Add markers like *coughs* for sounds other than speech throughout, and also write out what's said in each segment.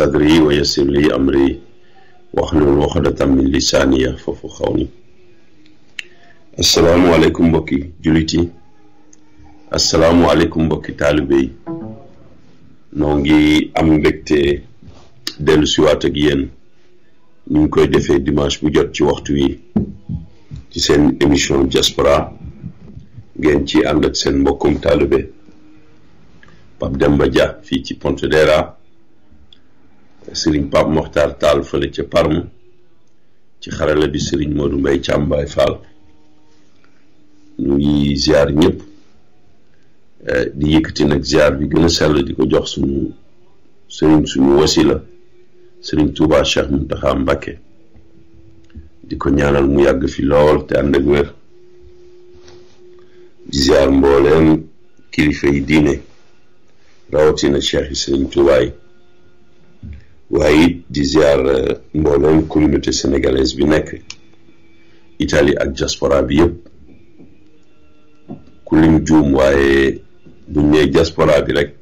sadri wa yassir li amri wa khulul wa khadata min lisania, ya fafu khawni Assalamu alaikum baki juliti Assalamu alaikum baki talibay Nongi ambekte delu siwata giyen Ninkoy defe dimash bujot chi waktu yi Chi sen emisyon jaspara Gen chi andak sen mokum talibay Pabdemba Dja, Fiti Pontedera, sëriñ Pape Mokhtar Tall fële ca Parme ci xarala bi sëriñ Modou Mbaye Thiam Baye Fall ñu ngi ziar ñëpp eh, di yëkkati nag ziar bi gën a sell di ko jox suñu sëriñ suñu wasila sëriñ Touba Cheikh Mountakha Mbacké di ko ñaanal mu yàgg fi lool te ànd ak wér di ziar mbooleem kilifa yi diine rawatina Cheikh yi sëriñ Touba waaye it di ziar euh, mbooloom communauté sénégalaise bi nekk Italie ak diaspora bi yëpp ku lim juum waaye buñ nee diaspora bi rek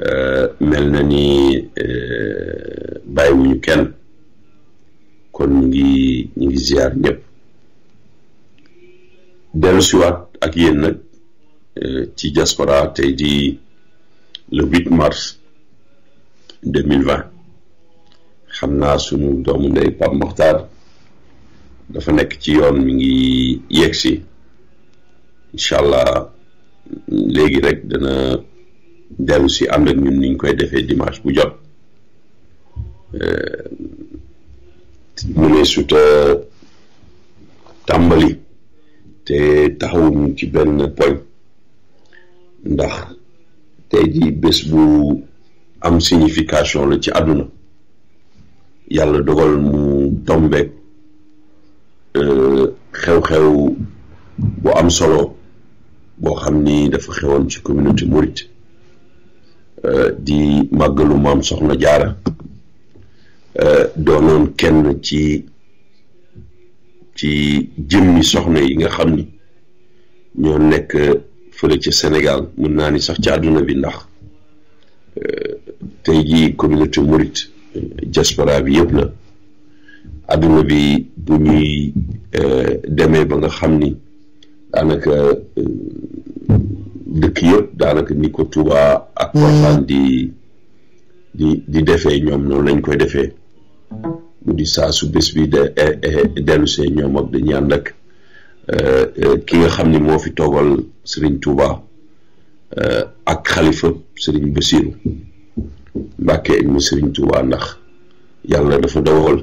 euh, mel na ni euh, bàyyiwuñu kenn kon ñu ngi ñu ngi ziar ñëpp dellusiwaat ak yéen nag ci diaspora tey di le 8 mars 2020 xam naa sunu doomu ndey Pape Makhtar dafa nekk ci yoon mi ngi yegsi incha allah léegi rek dana dellu si ànd ak ñun niñ koy defee dimanche bu jot euh, mu ne suta tàmbali te taxawuñu ci benn poñ ndax te ji bés bu am signification la ci àdduna yàlla dogal mu tombeek euh, xew-xew bu am solo boo xam ni dafa xewoon ci communauté Mouride euh, di màggalu maam soxna jaara euh, doonoon kenn ci ci jëmmi soxna yi nga xam ni ñoo nekk fële ci Sénégal mën naa ni sax ci àdduna bi ndax tey jii communauté Mouride. diaspora bi yëpp la adduna bi bu ñuy euh, demee ba nga xam ni daanaka euh, dëkk yëpp daanaka ni ko Touba ak hmm. Porokhane di di defee ñoom noonu lañ koy defee mu di saa su bés bi eh, eh, dellu see ñoom ak dañuy ànd euh, ki nga xam ni moo fi toogal Serigne Touba ak xalifa Serigne Bassirou Mbàkke ak mu Sëriñ Tuubaa ndax yàlla dafa dogal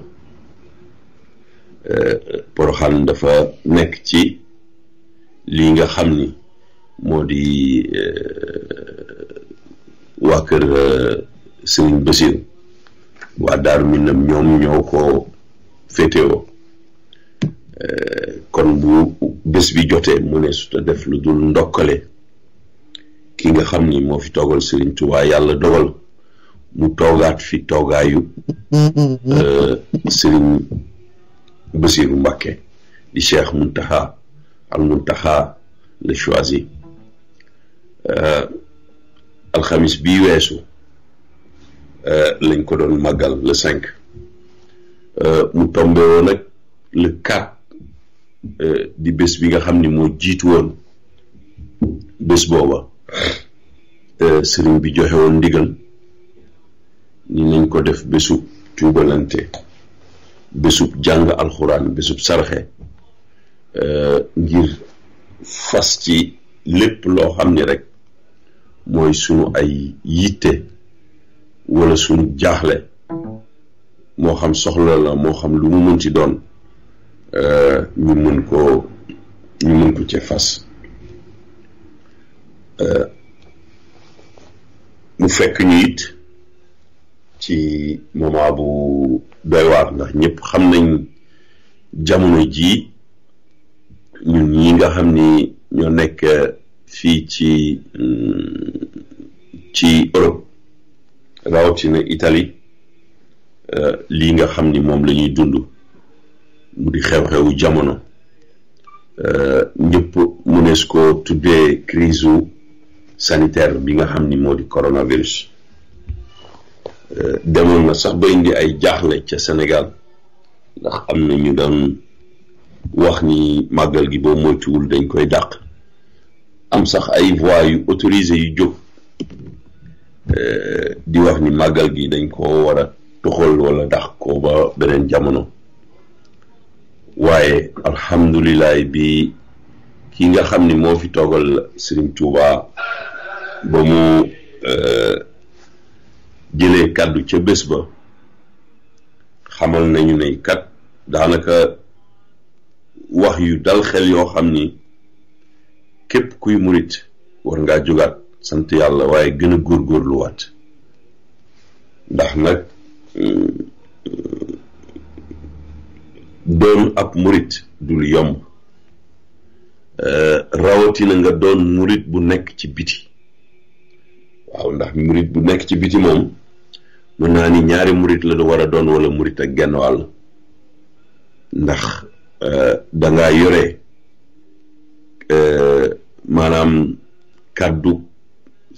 eh, Poroxaan dafa nekk ci lii nga xam ni moo di eh, waa kër eh, Sëriñ Basiru waa Daaru Minam ñoom ñoo ko féetewoo kon bu bés bi jotee mu ne su ta def lu dul ndokkale ki nga xam ni moo fi toogal Sëriñ Tuubaa yàlla dogal mu toogaat fi toogaayu mm-hmm. euh, sëriñ Basiiru Mbàkke di Cheikh Muntaha al Muntaha le choisi euh, alxamis bii weesu euh, lañ ko doon màggal la cinq mu tombe woon nag le di bés bi nga xam ni moo jiitu woon bés booba sëriñ bi joxe woon ndigal ni nañ ko def bésub tuubalante bésub jàng alxuraan bésub sarxe euh, ngir fas ci lépp loo xam ni rekk mooy sunu ay yitte wala sunu jaaxle moo xam soxla la moo xam lu mu mën ci doon euh, ñu mën koo ñu mën ko ci fas euh, mu fekk ñu it ci moment bu doy waar ndax ñëpp xam nañ jamono jii ñun ñi nga xam ni ñoo nekk fii ci mm, ci Europe rawatina itali euh, lii nga xam ni moom la dund mu di xew-xewu jamono euh, ñëpp mu nees ko tuddee crise sanitaire bi nga xam ni moo di coronavirus Euh, demoon na sax ba indi ay jaaxle ca senegal ndax am na ñu doon wax ni màggal gi boo moytuwul dañ koy dàq am sax ay voix yu autorisé yu jóg euh, di wax ni màggal gi dañ ko war a tuxal wala dàq ko ba beneen jamono waaye alhamdulilah bi ki nga xam ni moo fi toogal Serigne Touba ba mu. Euh, jëlee kàddu ca bés ba xamal nañu ne kat daanaka wax yu dal xel yoo xam ni képp kuy murit war ngaa jógaat sant yàlla waaye gën a wat ndax nag doon ab murit dul yomb eh, rawatina nga doon murit bu nekk ci biti waaw ndax murit bu nekk ci biti moom mën naa ni ñaari murit la war a doon wala murit ak genn wàll ndax euh, danga yore euh, maanaam kàddu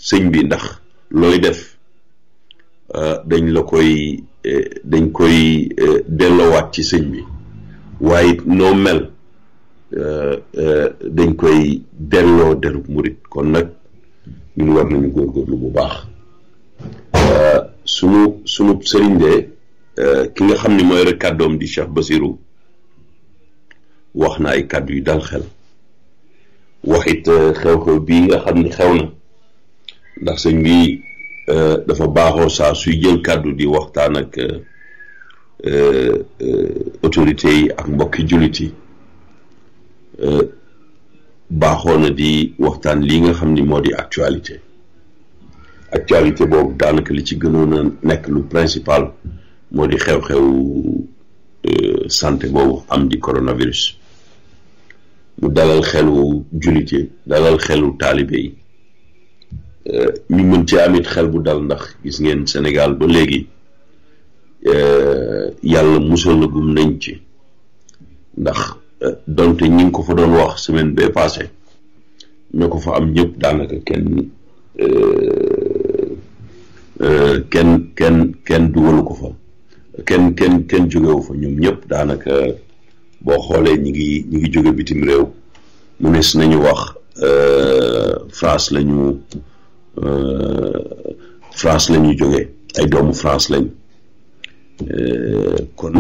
sëñ bi ndax looy def euh, dañ la koy dañ koy delloowaat ci sëñ bi waaye noo mel dañ koy delloo derub murit kon nag ñun war nañu góorgóorlu bu baax sunu sunu sëriñ de euh, ki nga xam ni mooy rek kàddoom di Cheikh basiru wax na ay kàddu yu dal xel waxit euh, xew-xew bii nga xam ni xew na ndax sëñ bi euh, dafa baaxoo saa suy jël kàddu di waxtaan ak autorité yi ak mbokki julit yi baaxoo na di waxtaan lii nga xam ni moo di actualité actualité boobu daanaka li ci gënoon a nekk lu principal moo di xew-xew euh, santé boobu am di coronavirus mu dalal xelu julite dalal xelu taalibe yi euh, ñu mën ci amit xel bu dal ndax gis ngeen Sénégal ba léegi euh, yàlla musal na gum ci ndax donte ñi ngi ko fa doon wax semaine bee passé ñoo ko fa am ñëpp daanaka kenn Euh, kenn kenn kenn dugalu ko fa kenn kenn kenn jógewu fa ñoom ñëpp daanaka boo xoolee ñi ngi ñi ngi jóge bitim réew mu ne si nañu wax euh, France lañu ñu euh, France la jóge ay doomu France lañ kon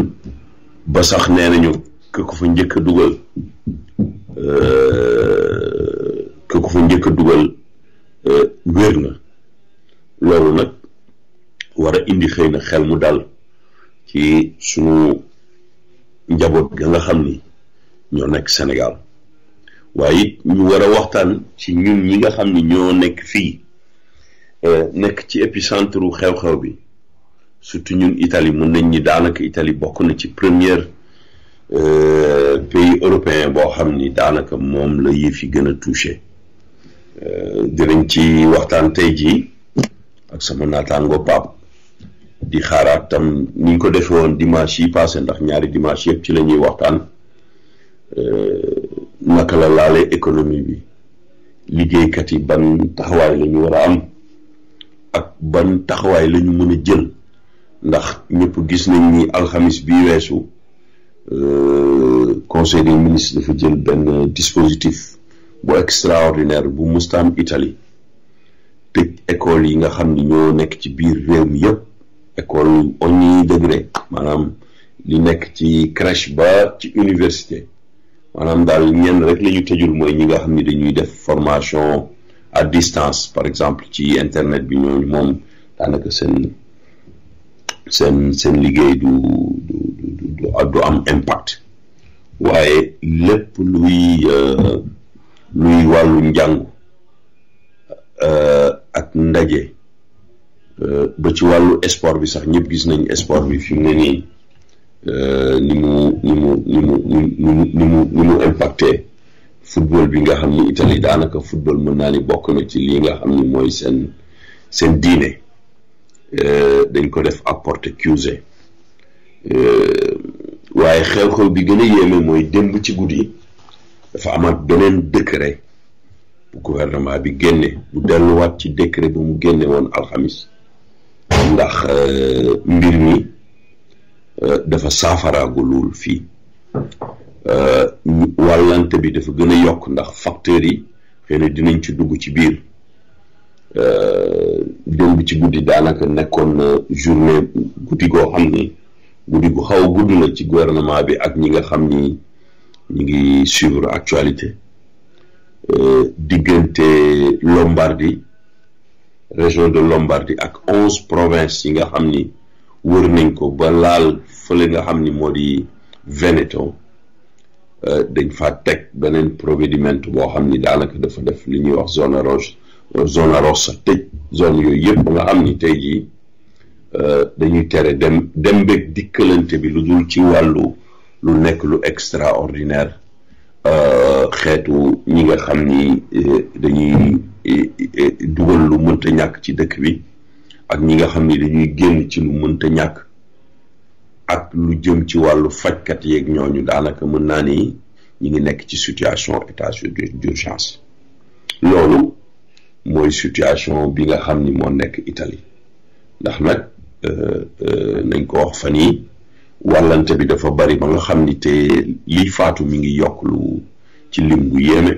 ba sax nee nañu ka ko njëkk a dugal ka ko fa njëkk dugal wér na loolu nag war a indi xëy na xel mu dal ci sunu njaboot ga nga xam ni ñoo nekk Sénégal waaye it ñu war a waxtaan ci ñun ñi nga xam ni ñoo nekk fii eh, nekk ci épicentre xew-xew bi surtout ñun Italie mën nañ ñi daanaka itali bokk na ci première eh, pays européen boo xam ni daanaka moom la yëf yi gën a touché eh, dinañ ci waxtaan tey jii ak sama naataango Pape di xaraat tam ni ko defee woon dimanche yi passé ndax ñaari dimanche yëpp ci la waxtaan euh, naka la laale économie bi liggéeykat yi ban taxawaay la ñu war a am ak ban taxawaay la ñu mën a jël ndax ñëpp gis nañ ni alxamis bi weesu euh, conseil des ministres dafa jël benn dispositif bu extraordinaire bu mustaam italie tëj école yi nga xam ni ñoo nekk ci biir réew mi yëpp école oññi degré maanaam li nekk ci crèche ba ci université maanaam daal ñenn rek la ñu tëjul mooy ñi nga xam ni dañuy def formation à distance par exemple ci internet bi ñooñu moom daanaka seen seen seen liggéey du du du du am impact waaye lépp luy euh, luy wàllu njàngu euh, ak ndaje Euh, ba ci wàllu sport bi sax ñëpp gis nañ sport bi fi mu ne nii euh, ni mu ni mu ni mu ni mu ni mu ni football bi nga xam ni Italie daanaka football mën naa ni bokk na ci lii nga xam ni mooy seen seen diine euh, dañ ko def apporte cuse waaye xew-xew bi gën a yéeme mooy démb ci guddi dafa amaat beneen décret bu gouvernement bi génne bu delluwaat ci décret bu mu génne woon alxamis ndax euh, mbir mi euh, dafa saafaraagulul fii euh, wàllante bi dafa gën a yokk ndax facteurs yi xëy na dinañ ci dugg ci biir démb ci guddi daanaka nekkoon na journée guddi goo xam ni guddi gu xaw a gudd na ci gouvernement bi ak ñi nga xam ni ñu ngi suivre actualité diggante Lombardie région de Lombardie ak onze provinces yi nga xam ni wër nañ ko ba laal fële nga xam ni moo di Veneto euh, dañ fa teg beneen provvedimento boo xam ni daanaka dafa def li ñuy wax zona rossa euh, zona rossa tëj zone yooyu yëpp nga xam ni tey jii euh, dañuy tere dem dem beeg dikkalante bi lu dul ci wàllu lu nekk lu extraordinaire xeetu ñi nga xam ni dañuy Eh, eh, dugal lu mënta ñàkk ci dëkk bi ak ñi nga xam ni dañuy génn ci lu mënta ñàkk ak lu jëm ci wàllu fajkat yeeg ñooñu daanaka mën naa ni ñi ngi nekk ci situation état d'urgence loolu mooy situation bi nga xam ni moo nekk itali ndax nag euh, euh, nañ ko wax fa yii wàllante bi dafa bari ba nga xam ni te liy faatu mi ngi yokk lu ci lim bu yéeme.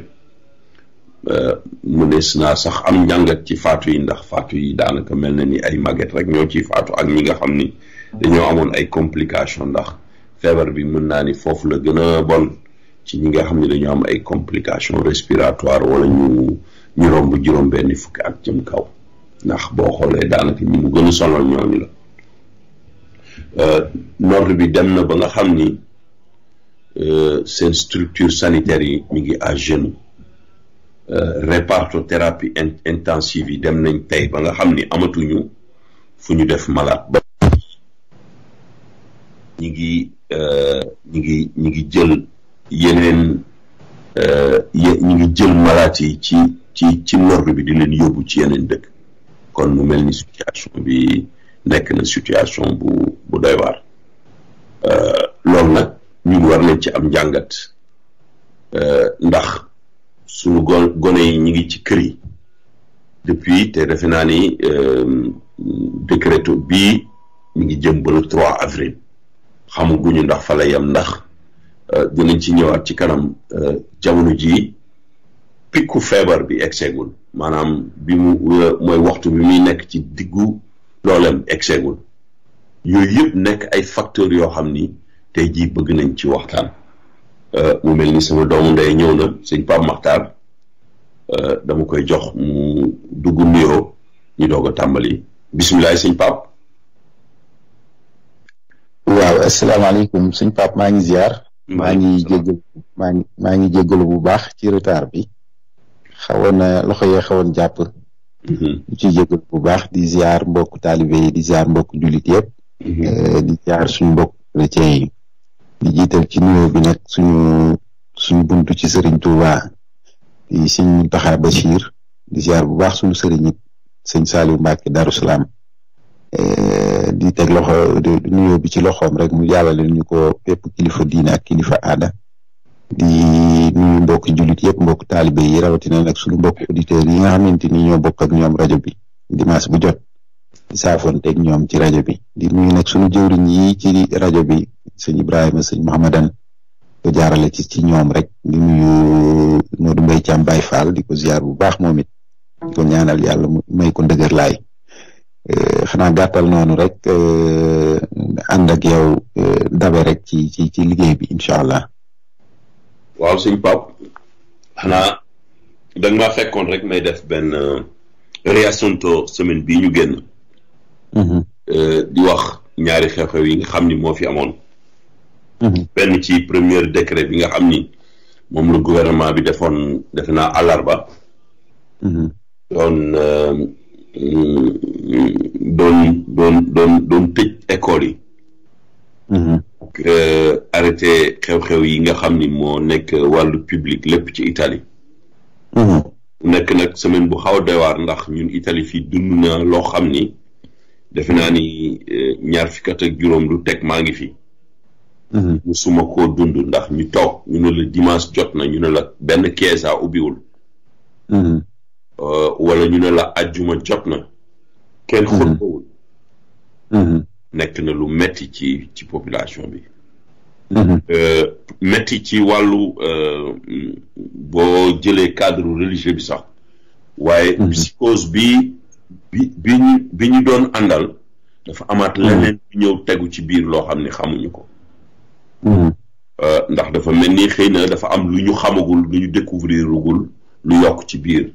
Euh, mu nees naa sax am njàngat ci faatu yi ndax faatu yi daanaka mel na ni ay màgget rek ñoo ci faatu ak ñi nga xam ni dañoo amoon ay complication ndax feebar bi mën naa ni foofu la gën a bon ci ñi nga xam ni dañoo am ay complication respiratoire wala ñu ñu romb juróom benn fukki ak jëm kaw ndax boo xoolee daanaka ñi mu gën a sonal ñooñu la euh, nord bi dem na ba nga xam ni euh, seen structure sanitaire yi mi ngi à genoux Euh, réparto thérapie intensive yi dem nañ tey ba nga xam ni amatuñu fu ñu def malade ba ñi ngi euh, ñi ngi ñi ngi jël yeneen euh, ñi ngi jël malade yi ci ci ci nord bi di leen yóbbu ci yeneen dëkk kon mu mel ni situation bi nekk na situation bu bu doy waar loolu nag ñun war nañ ci am njàngat ndax suñu gon gone yi ñu ngi ci kër yi depuis te defe naa ni euh, décréto bi mu ngi jëm trois le 3 avril xamaguñu ndax fa la yem ndax euh, dinañ ci ñëwaat ci kanam euh, jamono jii pikku feebar bi egseegul maanaam bi mu mooy waxtu bi muy nekk ci diggu looleem egseegul yooyu yëpp nekk ay facteurs yoo xam ni tey jii bëgg nañ ci waxtaan Euh, mu mel ni sama doomu ndey ñëw na sëñ Pape euh, dama koy jox mu dugg nuyoo ñu doog tàmbali bisimilah sëñ Pape. waaw asalaamaaleykum sëñ Pape maa ngi ziar. maa ngi jégalu maa ngi maa bu baax ci retar bi xawoon na loxo xawoon jàpp. Mm-hmm. ci ciy bu baax di ziar mbokku taalibe di ziar mbokku jullit yëpp. Mm-hmm. Euh, di ziar suñu mbokku chrétien yi. di jiital ci nuyoo bi nag suñu suñu buntu ci sëriñ tuba di sëñ Muntaxa Bachir di bu baax suñu sëriñ it sëñ Saliou Mbacke Darou Salaam eh, di teg loxo di ci loxoom rek mu jàllale ñu ko bépp kilifa diine ak kilifa aada di nuyu mbokk jullit yëpp mbokk taalibe yi rawatina nag suñu mbokk auditeurs yi nga xamante ni ñoo bokk ak ñoom rajo bi dimanche bu jot. saafon teg ñoom ci rajo bi di nuyu nag suñu jëwriñ ci rajo bi sëñ Ibrahima sëñ Mahamadan ko jaarale ci ci ñoom rek di nuyu Modou Mbaye Thiam Baye Fall di ko yaar bu baax moom it di ñaanal yàlla may ko ndëgër laay eh, xanaa gàttal noonu rek eh, ànd ak yow eh, dabe rek ci ci ci liggéey bi incha allah. waaw sëñ Pape xanaa da nga maa fekkoon rek may def benn réaction to semaine bii ñu génn. Mhm. Euh, di wax ñaari xew-xew yi nga xam ni moo fi amoon mhm. benn ci premier décret bi nga xam ni moom la gouvernement bi defoon defe naa àllarba mhm. euh, doon doon tëj école yi ak euh, arrêté xew-xew yi nga xam ni moo nekk wàllu public lépp ci Italie nekk nag semaine bu xaw a doy ndax ñun Italie fii dund na loo xam ni defe naa ni eh, ñaar fukki at ak juróom lu teg maa ngi fi. Mhm. suma koo dund ndax ñu toog ñu ne la dimanche jot na ñu ne la benn keesa ubbiwul. Mhm. Euh, wala ñu ne la ajjuma jot na. kenn mhm. xutbawul. nekk na lu metti ci ci population bi. Euh, metti ci wàllu euh, boo jëlee cadre religieux bi sax. waaye psychose bi. bi bi ñu bi ñu doon àndal dafa amaat mm-hmm. leneen bu ñëw tegu ci biir loo xam ne xamuñu ko mm-hmm. euh, ndax dafa mel ni xëy na dafa am lu ñu xamagul lu ñu découvrir gul lu yokk ci biir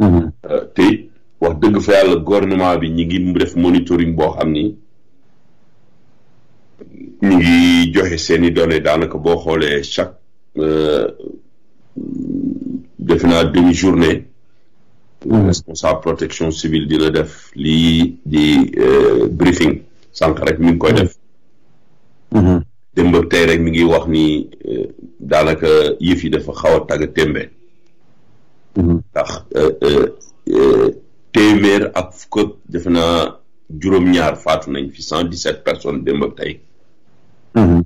mm-hmm. euh, te wax dëgg fa yàlla gouvernement bi ñi ngi def monitoring boo xam ni ñu ngi joxe seeni données daanaka boo xoolee chaque euh, defe naa demi journée responsable protection civile di la def lii di euh, briefing sànq rek mi ngi koy def mm-hmm. démb tey rek mi ngi wax ni euh, daanaka yëf yi dafa xaw a tàgg témbee mm-hmm. ndax euh, téeméer ak fukk defe juróom-ñaar faatu nañ fi cent dix sept personnes démb tey mm-hmm.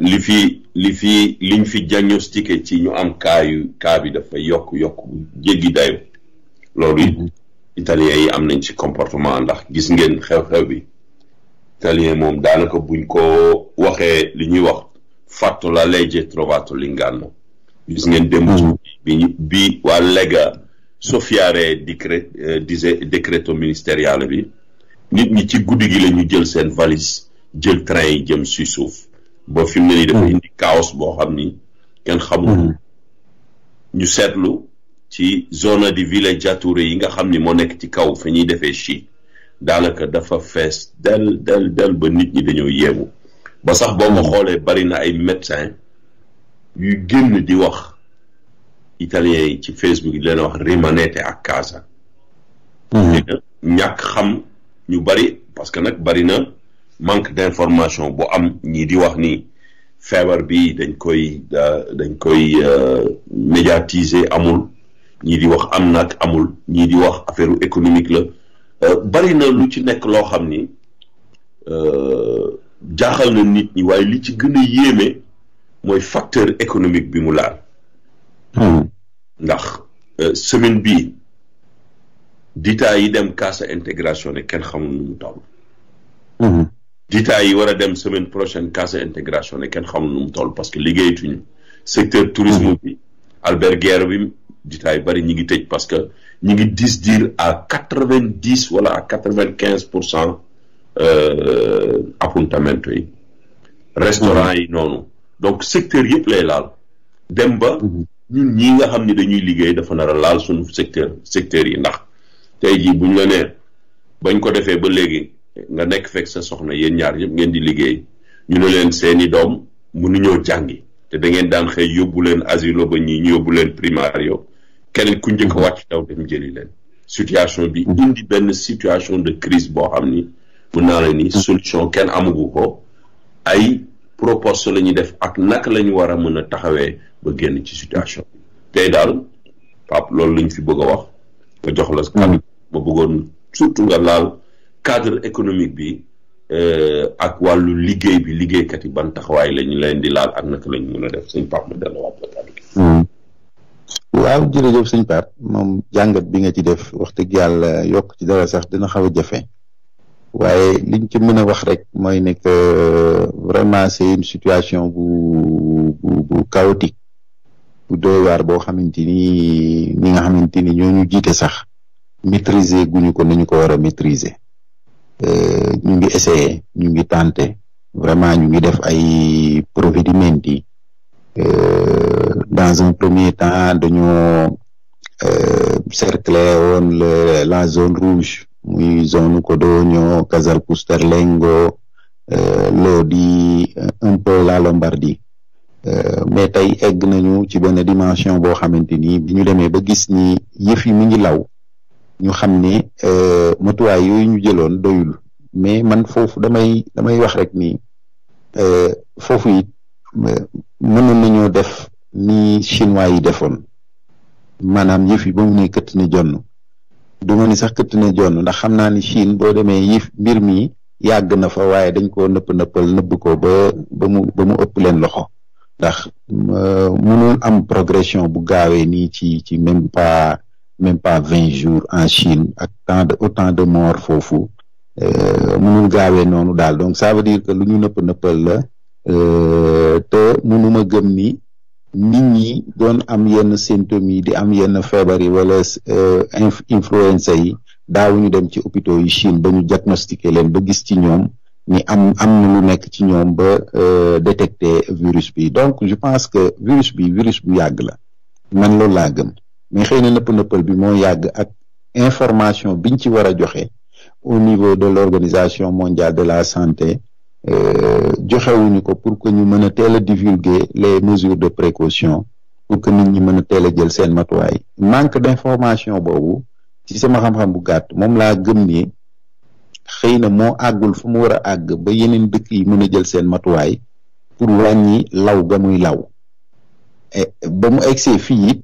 li fi li fi liñ fi diagnostiqué ci ñu am cas yu cas bi dafa yokk yokk jéggi dayo loolu mhm. italien yi am nañ ci comportement ndax gis ngeen xew-xew bi italien moom daanaka buñ ko waxee li ñuy wax fatto la legge trovato l'inganno gis ngeen démb mhm. bi bi waa Lega soffiare décret euh, dise décreto ministériale bi nit ñi ci guddi gi la ñu jël seen valise jël train yi jëm si suuf ba fi ne nii dafa mhm. indi chaos boo xam ni kenn xamul ñu seetlu ci zone di villeggiature yi nga xam ni moo nekk ci kaw fi ñuy defee chi daanaka dafa fees del del ba nit ñi dañoo yéemu ba sax boo xoolee bari na ay médecin yu génn di wax italiens yi ci facebook di leen wax rimanete ak casa mm-hmm. ñàkk xam ñu bari parce que nag bari na manque d'information bu am ñii di wax ni feebar bi dañ koy euh, dañ koy euh, médiatiser amul ñii di wax am na amul ñii di wax affaire économique la euh, bari na lu ci nekk loo xam ni euh, jaaxal na nit ñi waaye li ci gën a yéeme mooy facteur économique bi mu laal. Hmm. ndax euh, semaine bi ditaa yi dem Casa Intégration ne kenn xamul nu toll. Hmm. yi war a dem semaine prochaine Casa Intégration ne kenn xamul nu mu toll parce que liggéeyatuñu secteur tourisme hmm. bi alberguère bi. ditaay bari ñi ngi tëj parce que ñi ngi dis dire à quatre vingt dix wala à quatre vingt quinze pour cent euh, appuntamento yi restaurant yi noonu donc secteur yëpp lay laal dem ba ñun ñii nga xam ni dañuy liggéey dafa nar a laal suñu secteur secteur yi ndax tey jii buñ la nee bañ ko defee ba léegi nga nekk fekk sa soxna yéen ñaar yëpp ngeen di liggéey ñu ne leen seeni doom mënuñoo jàngi te da ngeen daan xëy yóbbu leen asilo ba ñii ñu yóbbu leen primario keneen ku njëkk wàcc daw dem jëli leen situation bi indi benn situation de crise boo xam ni mën naa la ni solution kenn amagu ko ay proportion la ñuy def ak naka la ñu war a mën a taxawee ba génn ci situation bi tey daal Pape loolu lañ fi bëgg a wax nga jox la cadre ma bëggoon surtout nga laal cadre économique bi euh, ak wàllu liggéey bi liggéeykat yi ban taxawaay la ñu leen di laal ak naka lañu ñu mën a def suñ Pape ma delloo waat la cadre waaw jërëjëf sëñ Pape moom jàngat bi nga ci def wax dëgg yàlla yokk ci dara sax dina xaw jafe waaye liñ ci mën a wax rek mooy ne que euh, vraiment c'est une situation bu bu bu chaotique bu doy waar boo xamante ni ñi nga xamante ni ñooñu jiite sax maitriser guñu ko nañu ko war a maîtriser euh, ñu ngi essayer ñu ngi tenter vraiment ñu ngi def ay provvedimenti yi euh, dans un premier temps dañoo euh, cercler woon la zone rouge muy zone Codogno Casalpusterlengo euh, Lodi euh, un peu la Lombardie mais tey egg nañu ci benn dimension boo xamante ni bi ñu demee ba gis ni yëf yi mu ngi law ñu xam ne matuwaay yooyu ñu jëloon doyul mais man foofu damay damay wax rek ni foofu it nañoo def ni chinois yi defoon maanaam yëf yi ba mu ne këtt ne jonn du ma sax këtt ne jonn ndax xam naa ni Chine boo demee yëf mbir mi yàgg na fa waaye dañ koo nëpp nëppal nëbb ko ba ba mu ba mu ëpp leen loxo ndax euh, mënul am progression bu gaawee nii ci ci même pas même pas vingt jours en Chine ak tant de autant de morts foofu euh, mënul gaawee noonu daal donc ça veut que lu ñu nëpp nëppal la euh, te mënuma gëm ni nit ñi doon am yenn symptômes yi di am yenn feebar yi wala euh, influenza yi daawuñu dem ci hôpitaux yi Chine ba ñu diagnostiquer leen ba gis ci ñoom ni am am na lu nekk ci ñoom ba euh, détecter virus bi donc je pense que virus bi virus bu yàgg la man loolu laa gëm mais xëy na nëpp nëppal bi moo yàgg ak information biñ ci war a joxe au niveau de l'organisation mondiale de la santé Euh, joxewuñu ko pour que ñu mën a teel a divulguer les mesures de précaution pour que nit ñi mën a teel a jël seen matuwaay manque d'information boobu ci sama xam-xam bu gàtt moom laa gëm ni xëy na moo àggul fu mu war a àgg ba yeneen dëkk yi mën a jël seen matuwaay pour wàññi law ga muy law ba mu egsee fii it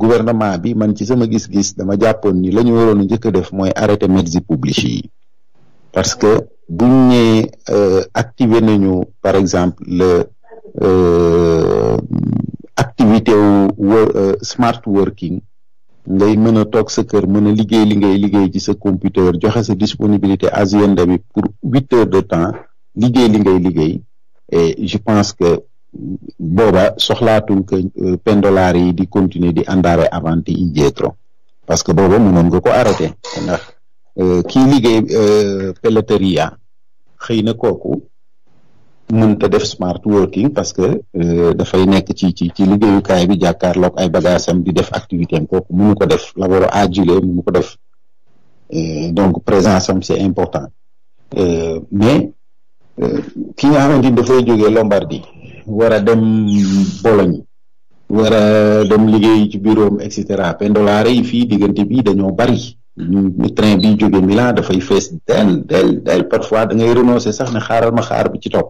gouvernement bi man ci sama gis-gis dama jàppoon ni lañu ñu waroon njëkk a def mooy arrêté mezzi publici yi parce que buñ ne euh, activé nañu par exemple le euh, activité wu euh, smart working ngay mën a toog sa kër mën a liggéey li ngay liggéey ci sa computer joxe sa disponibilité agenda bi pour huit heures de temps liggéey li ngay liggéey e je pense que booba soxlaatul que pendolari yi di continuer di andare avanti indietro parce que booba mënoon nga ko arrêté ndax kii liggéey pelleteria xëy na kooku mënta def smart working parce que euh, dafay nekk ci ci ci liggéeyukaay bi jàkkaarloog ay bagages di def activité am kooku ko def laboro agile mënu ko def euh, donc présence am c'est important euh, mais ki nga xamante ni dafay jógee Lombardie war a dem Bologne war a dem liggéey ci bureau am et cetera pendolaare yi fii diggante bi dañoo bari ñu train bi jugee Milan dafay fees del del parfois da ngay renoncer sax ne xaaral ma xaar bu ci topp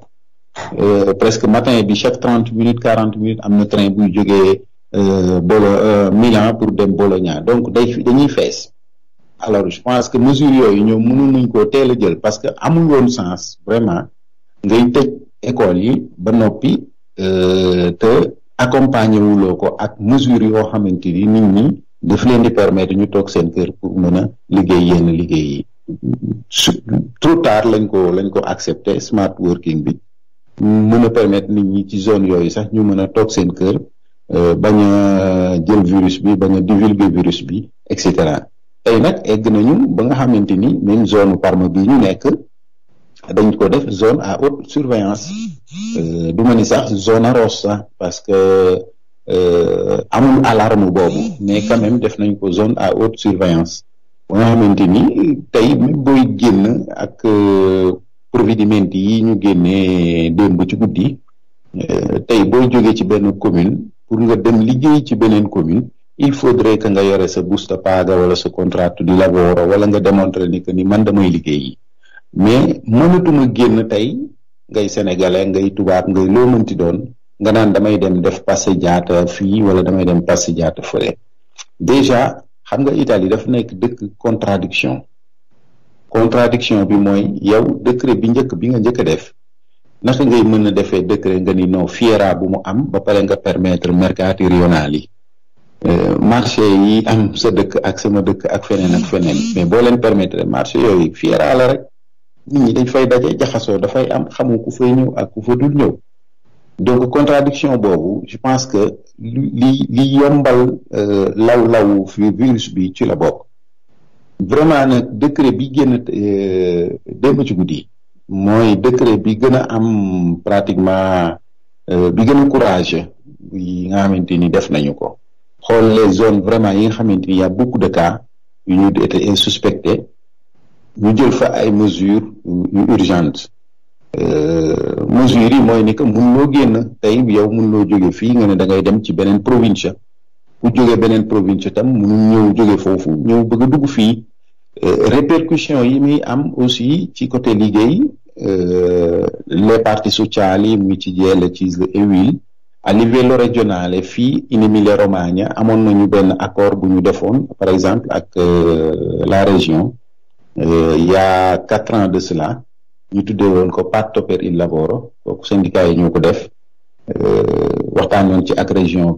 euh, presque matin bi chaque trente minutes quarante minutes am na train buy jógee euh, Bolo euh, Milan pour dem Bologna donc day dañuy fees alors je pense que mesure yooyu ñoom mënu nuñ ko teel a jël parce que amul woon sens vraiment ngay tëj école yi ba noppi te accompagner wuloo ko ak mesure yoo xamante ni nit ñi daf leen di permettre ñu toog seen kër pour mën a liggéey yenn liggéey yi trop tard lañ ko lañ ko accepter smart working bi mën a permettre nit ñi ci zone yooyu sax ñu mën a toog seen kër euh, bañ a jël virus bi bañ a divulguer virus bi et cetera tey nag egg nañu ba nga xamante ni même zone Parma bi ñu nekk dañ ko def zone à haute surveillance euh, du ma ni sax zone à roche sax parce que Euh, amul alarme boobu mais quand même def nañ ko zone à haute surveillance ba nga xamante ni tey boy génn ak euh, providimenti yi ñu génnee bu ci guddi euh, tey booy jógee ci benn commune pour nga dem liggéey ci beneen commune il faudrait que nga yore sa busta paga wala sa contrat di lavoro wala nga démontrer ni que ni man damay liggéey mais mënatuma génn tey ngay sénégalais ngay tubaab ngay loo mënti doon nga naan damay dem def passé jaata fii wala damay dem passé jaata fële déjà xam nga Italie daf nekk dëkk contradiction contradiction bi mooy yow décret bi njëkk bi nga njëkk a def naka ngay mën a defee décret nga ni non fiera bu mu am ba pare nga permettre mercati rionali yi euh, marché yi am sa dëkk ak sama dëkk ak feneen ak feneen mais boo leen permettre marché yooyu fiera la rek nit ñi dañ fay daje jaxasoo dafay am xamu ku fay ñëw ak ku fa ñëw donc contradiction bobu je pense que li li yombal euh, law law fi virus bi ci la bok vraiment nak décret bi euh démb ci goudi mooy décret bi gëna am pratiquement euh, bi gëna courage yi nga xamante ni def nañu ko xol les zones vraiment yi nga xamante ni y a beaucoup de cas yu ñu été insuspecté. ñu jël fa ay mesures urgentes Euh, mesures yi mooy ni que mun loo génn tey yow mun loo jóge fii nga ne da ngay dem ci beneen province ku jóge beneen province tam munul ñëw jóge foofu ñëw bëgg a dugg fii euh, répercussions yi muy am aussi ci côté liggéey euh, le parti sociali muy ci jelle ci e UIL à livello regionale fii in Emilia Romagna amoon nañu benn accord bu ñu defoon par exemple ak la région ya y a quatre ans de cela ñu tuddee woon ko patto per il lavoro kooku syndicat yi ñoo ko def euh, waxtaanoon ci ak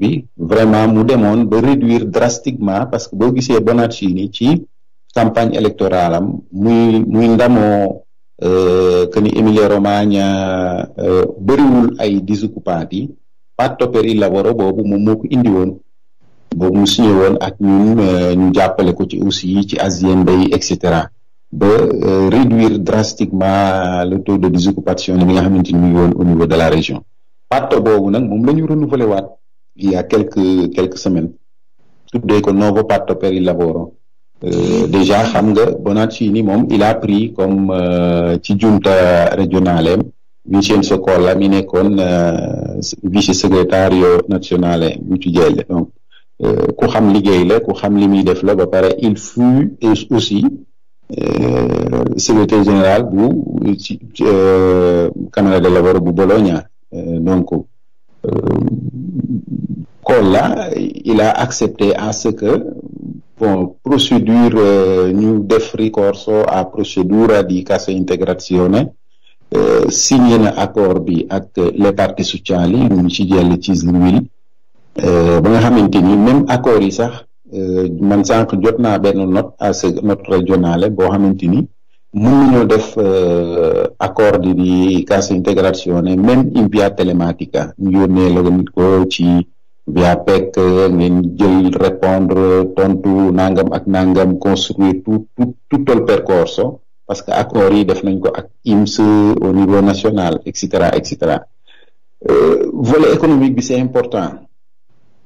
bi vraiment mu demoon ba réduire drastiquement parce que boo gisee Bonaccini ci campagne électorale am muy muy ndamoo euh, que ni Emilia Romagna euh, bëriwul ay disoccupati patto per il laboro boobu mu moo indi woon boobu mu signé woon ak ñun ñu jàppale ko ci aussi ci azienda yi et cetera de euh, réduire drastiquement le taux de désoccupation bi nga xamante ni mu au niveau de la région pacte boobu nag moom la ñu renouveler il y a quelques quelques semaines tuddee ko nouveau pacte per il lavoro euh, déjà xam nga Bonaccini moom il a pris comme euh, ci junta régionale Vincenzo Colla mi nekkoon vice segretario nazionale mutuelle donc ku xam liggéey la ku xam li def la ba pare il fut aussi Eh, secrétaire général bu ci eh, Camera del Lavoro bu Bologna eh, donc Kolla il a accepté à ce que bon procedure ñu def ricorso à procedura di cassa integrazione signé na accord bi ak les parties sociali yi ñu ci jël ci Lille ba nga xamante ni même accord yi sax Euh, man sànq jot naa benn note à ce note régionale boo xamante ni mën nañoo def euh, accord di cassa integrazione même in via telematica ñu yónnee la ko ci via PEC ngeen jël répondre tontu nangam ak nangam construire tout tout percorso parce que accords yi def nañ ko ak IMS au niveau national et cetera et cetera euh, volet économique bi c'est important.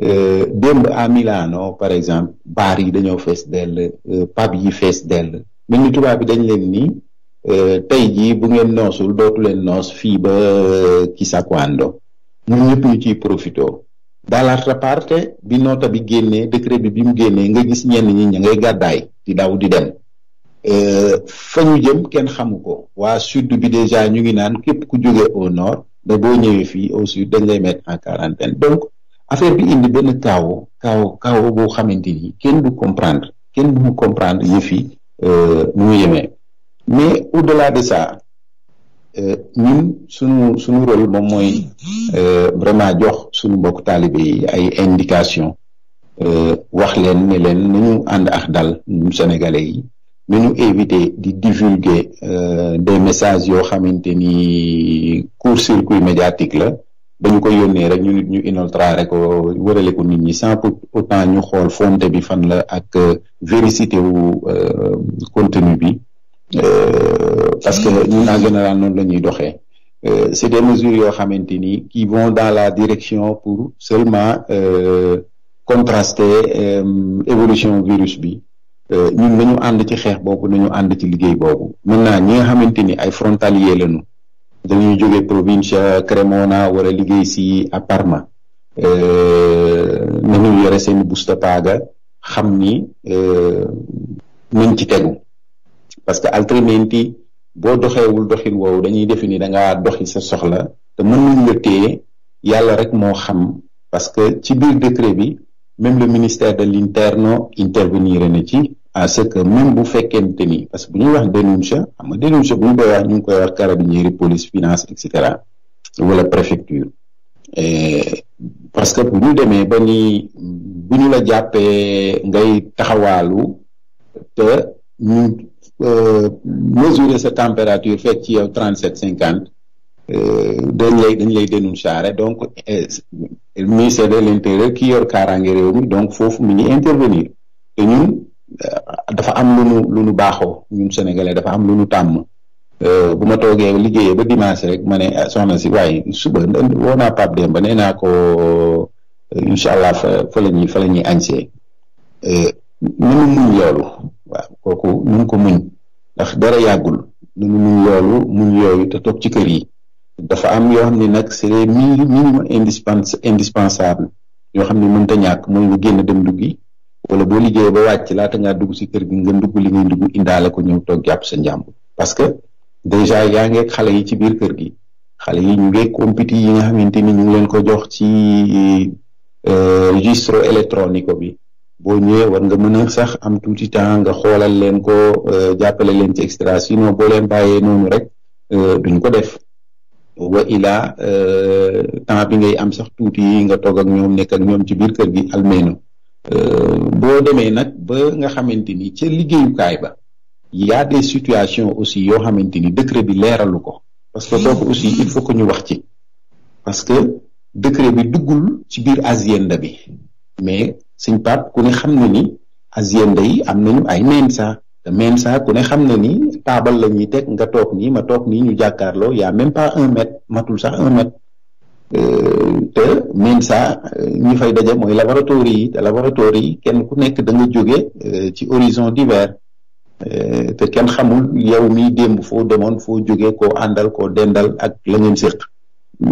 Eh, démb à Milano par exemple baar yi dañoo fees dell eh, pub yi fees dell mel ni tubaab bi dañ leen ni eh, tey jii bu ngeen noosul dootu leen noos fii ba chissà quando ñun ñëpp ñu ci profito dall'altra parte bi nota bi génnee décret bi bi mu génnee nga gis ñenn ñi ña ngay gàddaay di daw di dem fa ñu jëm kenn xamu ko waa sud bi déjà ñu ngi naan képp ku jóge au nord da boo ñëwee fii aussi sud dañ lay mettre en quarantaine donc affaire bi indi benn kaaw kaaw kaaw boo xamante ni kenn du comprendre kenn du comprendre yëf yi euh, nu mu yemee mais au delà de ça euh, ñun suñu suñu rôle moom mooy euh, vraiment jox suñu mbokk taalibe yi ay indication wax leen ne leen nañu ànd ak dal ñun sénégalais yi nañu éviter di divulguer des messages yoo xamante ni court circuit médiatique la dañu ko yónnee rek ñu ñu ko nit ñi sans pour autant ñu xool fonte bi fan la ak euh, wu euh, contenu bi euh, parce que nous, en général des mesures qui vont dans la direction pour seulement contraster évolution virus bi ñun nañu ànd ci xeex nous nañu ànd ci liggéey maintenant ñi nga xamante ay frontalier dañuy jógee provincia Cremona war a liggéey si à Parma eh, nañu yore seen busta paga xam ni eh, nañ ci tegu parce que altrimenti boo doxeewul doxin woowu dañuy defe ni da ngaa doxi sa soxla te mënuñ la téye yàlla rek moo xam parce que ci biir décret bi même le ministère de l'Interno intervenir na ci à ce que même bu fekkente parce que nous wax dénoncé nous avons police finance etc. préfecture parce que dénoncé, nous ba nous, nous la ngay te euh, mesurer sa température fait ci yow euh, donc euh, ministère de l'intérieur qui donc intervenir Et nous, Euh, dafa am lu nu lu nu ñun sénégalais dafa am lu nu tàmm euh, bu ma toogee liggéeyee ba dimanche rek ma ne ah, soxna si waaye suba woo naa Pape Demba nee naa ko euh, incha allah fa fa la ñuy fa la ñuy añsee muñ loolu waaw kooku nu ko muñ ndax dara yàggul nu mu muñ loolu muñ yooyu te toog ci kër yi dafa am yoo xam ne nag c'est minimum indispensable yoo xam ne mënta ñàkk mooy ñu génn dem duggi wala boo liggéeyee ba wàcc laata ngaa dugg si kër gi nga dugg li ngay dugg indaale ko ñëw toog jàpp sa njàmbur parce que déjà yaa ngeeg xale yi ci biir kër gi xale yi ñu ngeeg compiti yi nga xamante ni ñu ngi leen ko jox ci euh, registre électronique bi boo ñëwee war nga mën a sax am tuuti temps nga xoolal leen ko euh, jàppale leen ci extra sinon bo leen bàyyee noonu rek euh, duñ ko def wa ilaa temps bi ngay am sax tuuti nga toog ak ñoom nekk ak ñoom ci biir kër gi almeeno Euh, boo demee nag ba nga xamante ni ca liggéeyukaay ba y a des situations aussi yoo xamante ni décret bi leeralu ko parce que kooku aussi il faut que ñu wax ci parce que décret bi duggul ci biir azienda bi mais suñ pap ku ne xam na ni azienda yi am nañu ay mensa te mensa ku ne xam na ni taabal la ñuy teg nga toog nii ma toog nii ñu jàkkaarloo y même pas un mètre matul sax un mètre te MINSA euh, ñu fay daje mooy laboratoire yi te laboratoire yi kenn ku nekk da nga jóge euh, ci horizon divers euh, te kenn xamul yow mi démb foo demoon foo jóge koo àndal koo dendal ak la ngeen séq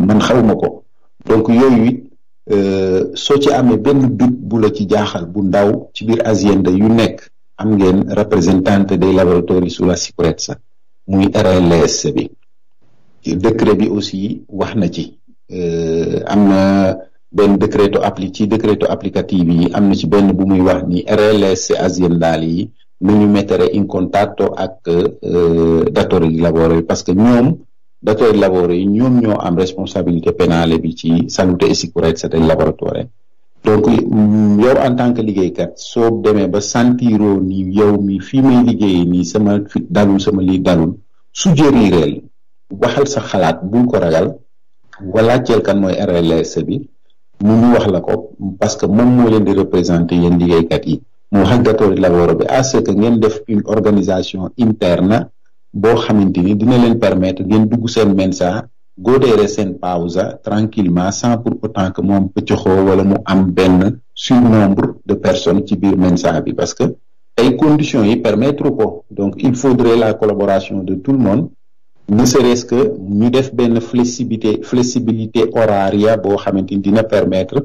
man xawma ko donc yooyu it soo ci amee benn dut bu la ci jaaxal bu ndaw ci biir azienda yu nekk am ngeen représentante des laboratori sulla sax muy RLS bi décret bi aussi wax na ci Euh, am na benn décréto appli ci décréto applicativi yi am na ci benn bu muy wax ni RLS aziendali non mi mettere in contatto ak euh, datori di yi parce que ñoom datori di yi ñoom ñoo am responsabilité pénale bi ci salute e sicurezza del lavoratore donc yow en tant que liggéeykat soo demee ba santiroo ni yow mi fii may liggéey nii sama fit sama lii dalul suggérireel waxal sa xalaat bul ko ragal Voilà kan moy RLS bi mu ñu wax la ko parce que mom mo leen di représenter yéen kat yi mu wax ak la Laboro bi à ce que ngeen def une organisation interne bo xamante dina leen permettre ngeen dugg seen mensa godéere seen pausa tranquillement sans pour autant que moom pëccëxoo wala mu am benn surnombre de personnes ci biir mensa bi parce que les conditions yi permettre ko donc il faudrait la collaboration de tout le monde ne serait-ce que ñu def benn flexibilité flexibilité oraria boo xamante ni dina permettre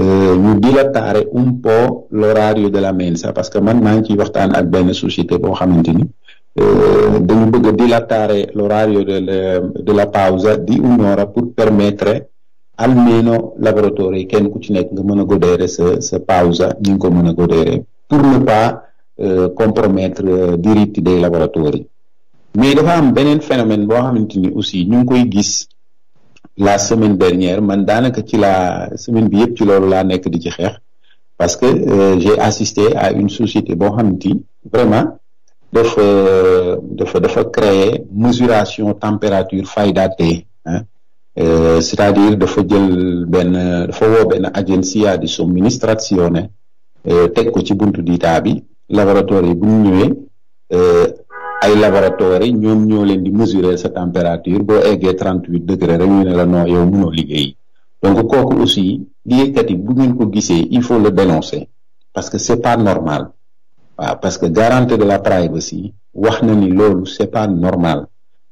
euh, ñu dilatare un po' l'orario della mensa parce que man maa ngi waxtaan ak benn société boo xamante ni euh, dañu bëgg a dilatare l'orario della pausa di un'ora pour permettre almeno lavoratori yi kenn ku ci nekk nga mën a godere sa sa pausa ñu ngi ko mën a pour ne pas euh, compromettre diritti dei lavoratori mais dafa am beneen phénomène boo xamante ni aussi ñu ngi koy gis la semaine dernière man daanaka ci la semaine bi yépp ci loolu laa nekk di ci xeex parce que euh, j'ai assisté à une société boo xamante ni vraiment dafa dafa dafa créer mesuration température fayda tey hein. euh, c'est-à-dire dafa jël benn dafa woo benn agenzia di somministrazione euh, teg ko ci buntu diitaa bi laboratoire yi bu ñu ñëwee euh, ay laboratoire ñoom ñoo leen di mesurer sa température boo eggee trente huit degré rek ñu ne la non yow mënoo liggéey donc kooku aussi liggéeykat yi bu ngeen ko gisee il faut le dénoncer parce que c'est pas normal waaw parce que garantie de la privacy wax na ni loolu c'est pas normal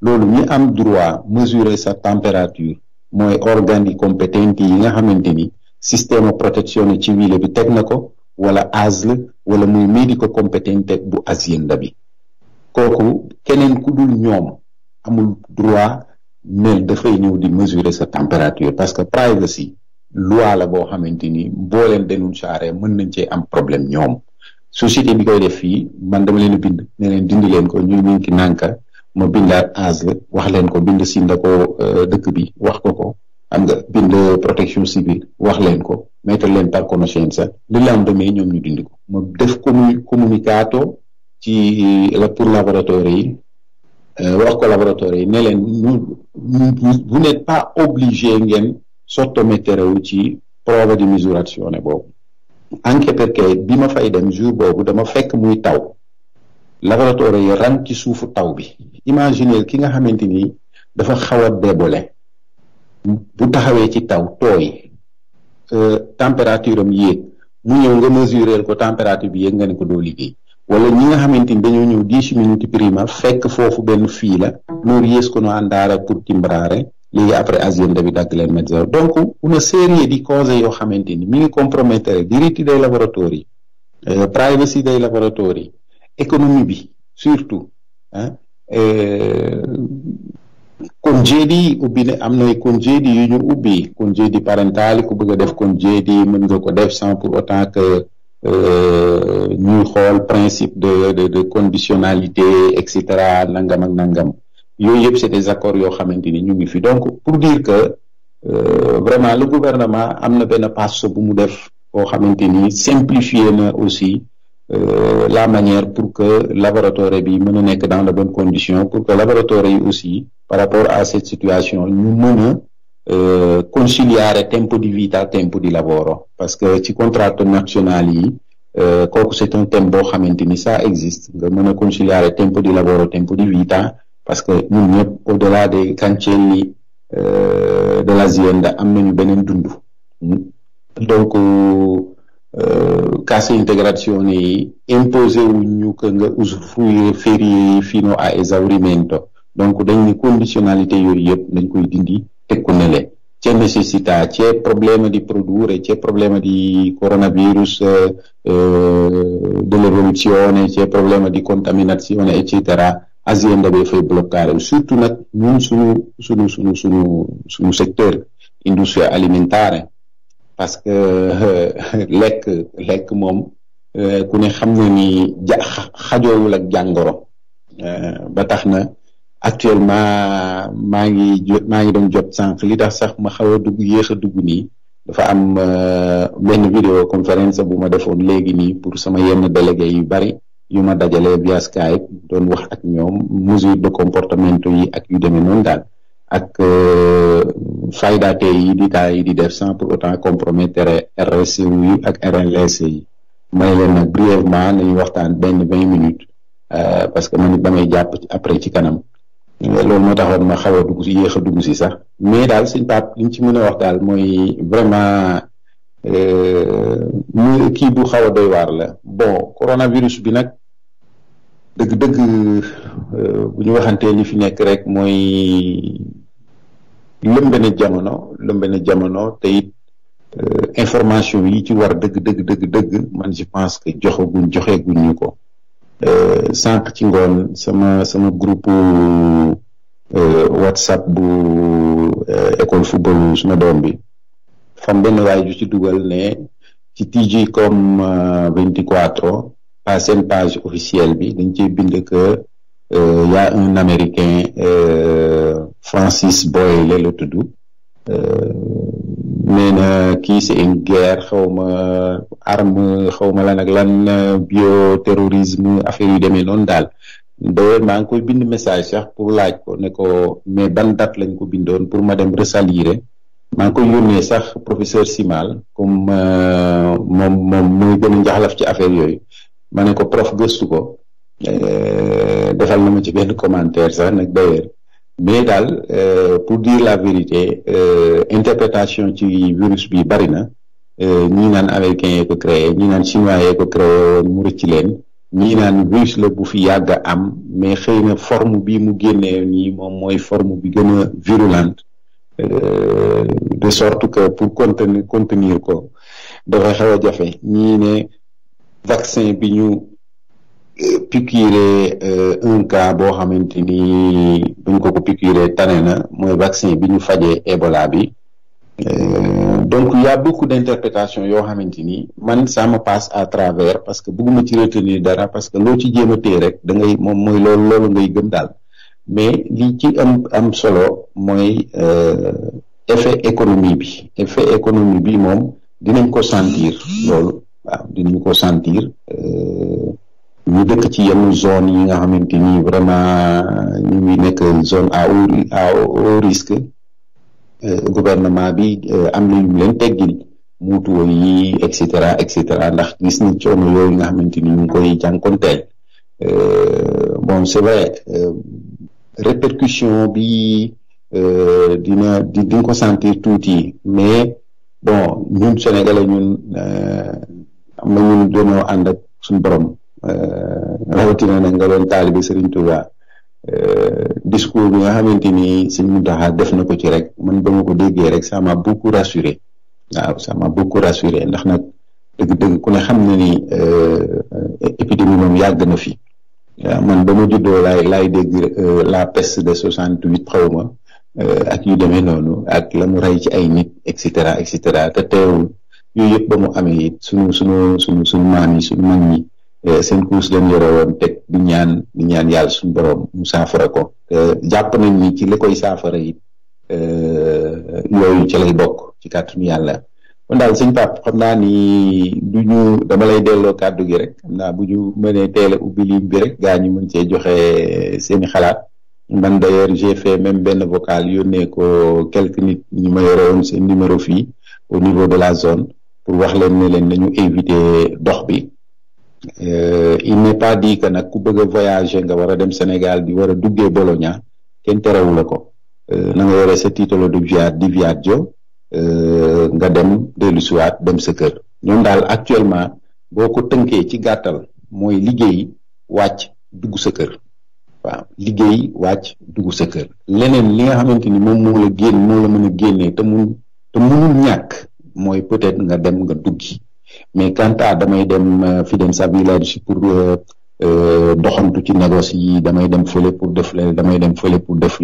loolu ñi am droit mesurer sa température mooy organes yi compétents yi nga xamante ni système protection civile bi teg na ko wala asle wala muy médico compétent bu Hacienda bi kooku keneen ku ñoom amul droit ne dafay ñëw di mesurer sa température parce que privacy loi la boo xamante ni boo leen dénoncé mën nañ cee am problème ñoom société bi koy def fii man dama leen bind ne dindi leen ko ñu ki nànka ma bindaat asle wax leen ko bind sinda ko euh, dëkk bi wax ko ko xam nga bind protection civile wax leen ko mettre leen par connaissance li lendemain ñoom ñu dindi ko ma def communicato ci, eh, pour eh, laboratorie wax ko laboratoire yi ne leen vous n'êtes pas obligé ngeen sottomettere wu ci prova di misurazione boobu anche perché boh, bi ma fay dem jour boobu dama fekk muy taw laboratoire yi ran ci suufu taw eh, bi imaginer ki nga xamante ni dafa xaw a débole bu taxawee ci taw tooy température am yéeg mu ñëw nga mesurer ko température bi yéeg nga ne ko doo liggéey wala ñi nga xamante ni dañoo ñëw dix minutes primal fekk foofu benn fiila non riescono ad andare a pur timbrare léegi après azienda bi dagg leen mezzo donc una serie di cose yoo xamante ni mi ngi compromettere diritti dei lavoratori eh, privacy dei lavoratori economie bi surtout eh, eh, congedi ubbi ne am na congedi yu ñu ubbi congedi parentali ku bëgg a def congedi mën nga ko def sans pour autant que Euh, ñuy xool principe de de de conditionnalité etc. cetera nangam ak nangam yooyu yëpp des accords yoo xamante ni ñu ngi fi donc pour dire que euh, vraiment le gouvernement am na benn passo bu mu def boo xamante ni simplifier na aussi euh, la manière pour que laboratoire bi mën a dans la bonne condition pour que laboratoire yi aussi par rapport à cette situation ñu mën eh, conciliare tempo di vita a tempo di lavoro Perché il contratto nazionale, eh, national yi un thème boo xamante ni ça conciliare tempo di lavoro e tempo di vita perché non è ñëpp au delà des cancelli euh, de l'azienda am nañu beneen dund mm. donc euh, case integrazione impose imposé wuñu que usufruire ferie fino a esaurimento donc dañ ni conditionnalité yooyu yëpp dañ koy dindi e quelle lì. C'è necessità, c'è problema di produrre, c'è problema di coronavirus, eh, eh dell'evoluzione, c'è problema di contaminazione, eccetera. Azienda deve fare bloccare, una, non su, un settore, industria alimentare, parce que eh, lekk lekk moom eh, ku ne xam na ni ja xajoowul actuellement maa ngi maa ngi doon job sànq li tax sax ma xaw a dugg yéex a dugg nii dafa am euh, benn vidéo conférence bu ma defoon léegi nii pour sama yenn délégué yu bari yu ma dajalee via Skype doon wax ak ñoom mesure de comportement yi ak yu demee noonu daal ak euh, faydaate yi di taa yi di def sans pour autant compromettre RSCU yi ak RLS yi may leen nag brièvement nañu waxtaan benn 20 minutes euh, parce que man it damay jàpp après ci kanam loolu moo taxoon ma xaw a dugg si yéex a dugg si sax mais daal sëñ Pape li ñu ci mën a wax daal mooy vraiment euh, mu kii bu xaw a doy waar la bon coronavirus bi nag dëgg-dëgg euh, bu ñu fi nekk rek mooy lëmbe na jamono lëmbe na jamono te it euh, information yi ci war dëgg dëgg dëgg dëgg man je pense que joxaguñ joxeeguñ ñu ko. Euh, sànq ci ngoon sama sama groupe euh, whatsapp bu euh, école football suma doom bi fam benn waay ju dugal ne ci TG comme 24 pas seen page officielle bi dañ ciy bind que y a un américain Francis Boyle la tudd Euh, nee na kii c'est une guerre ma arme xawma lan ak lan bioterrorisme affaire yu demee noonu daal d'ailleurs ngi koy bind message sax pour laaj ko ne ko mais ban daat lañ ko bindoon pour ma dem resalire maa ngi koy yónnee sax professeur Simal comme euh, moom moom mooy gën a ci affaire yooyu ma ne ko prof gëstu ko euh, defal na ma ci benn commentaire sax nag d'ailleurs mais daal euh, pour dire la vérité euh, interprétation ci virus bi bari na euh, ñii naan américains yee ko créé ñii naan chinois yee ko créé woon mu rëcc leen ñii naan virus la bu fi yàgg am mais xëy na forme bi mu génne nii moom mooy forme bi gën a virulente de sorte que pour contenir contenir ko dafa xaw a jafe ñii ne vaccin bi ñu Euh, piqûre euh, un cas boo xamante ni buñ ko ko piqûre tane na mooy vaccin bi ñu fajee Ebola bi euh, donc y a beaucoup d'interprétations yoo xamante ni man ça me passe à travers parce que bëgguma ci retenir dara parce que loo ci jéem a téye rek da ngay moom mooy loolu loolu ngay gëm daal mais li ci am am solo mooy effet économie bi effet économie bi moom dinañ ko sentir loolu dinañ ko sentir ñu dëkk ci yenn zone yi nga xamante ni vraiment ñu ngi nekk zone à haut risque euh, gouvernement bi euh, am na ñu leen teggil muutuwo yi et cetera et cetera ndax gis nañ coono yooyu nga xamante ni ñu ngi koy jànkonteel euh, bon c'est vrai répercussion bi dina di di nga ko tuuti mais bon ñun Sénégalais ñun am na ñun dañoo ànd suñu borom Eh, rawatina nag na doon taalibi Serigne Touba eh, discours bi nga xamante ni Serigne Mountakha def na ko ci rek man ba ma ko déggee rek sama m'a beaucoup rassuré waaw ça m'a beaucoup rassuré ndax nag dëgg-dëgg ku xam na ni eh, épidémie moom yàgg na fi man ba ma juddoo laay laay dégg la peste de soixante huit xaw ma ak yu demee noonu ak lamu mu ci ay nit et cetera et cetera te teewul yooyu yëpp ba mu amee it sunu sunu sunu sunu maam sunu mag Eh, seen course leen yore woon teg di ñaan di suñ yàlla suñu borom mu saafara ko eh, jàpp nañ ni ci li koy saafara yi eh, yooyu ci lay bokk ci kàttanu yàlla kon daal sëñ Pape xam naa ni du ñu dama lay delloo kàddu gi rek xam naa bu ñu mënee teel a ubbi ligne bi rek gaa ñu cee joxe seeni xalaat man d'ailleurs j'ai fait même benn vocal yónnee ko quelques nit ñu ma yore woon seen numéro fii au niveau de la zone pour wax leen ne leen nañu éviter dox bi Euh, il n'est pas dit nag ku bëgg a voyager nga war a dem Sénégal bi war a duggee Bologna kenn terewu la ko euh, na nga yore sa titolo di via di viaggio euh, nga dem dellusiwaat dem sa kër ñoom daal actuellement boo ko tënkee ci gàttal mooy liggéey wàcc dugg sa kër waaw liggéey wàcc dugg sa kër leneen li nga xamante ni moom moo la génn moo la mën a génnee te mun te ñàkk mooy peut-être nga dem nga duggi mais quant à damay dem euh, fi dem sa village pour euh, euh, doxantu ci négoce yi damay dem feulé pour def lële damay dem feulé pour def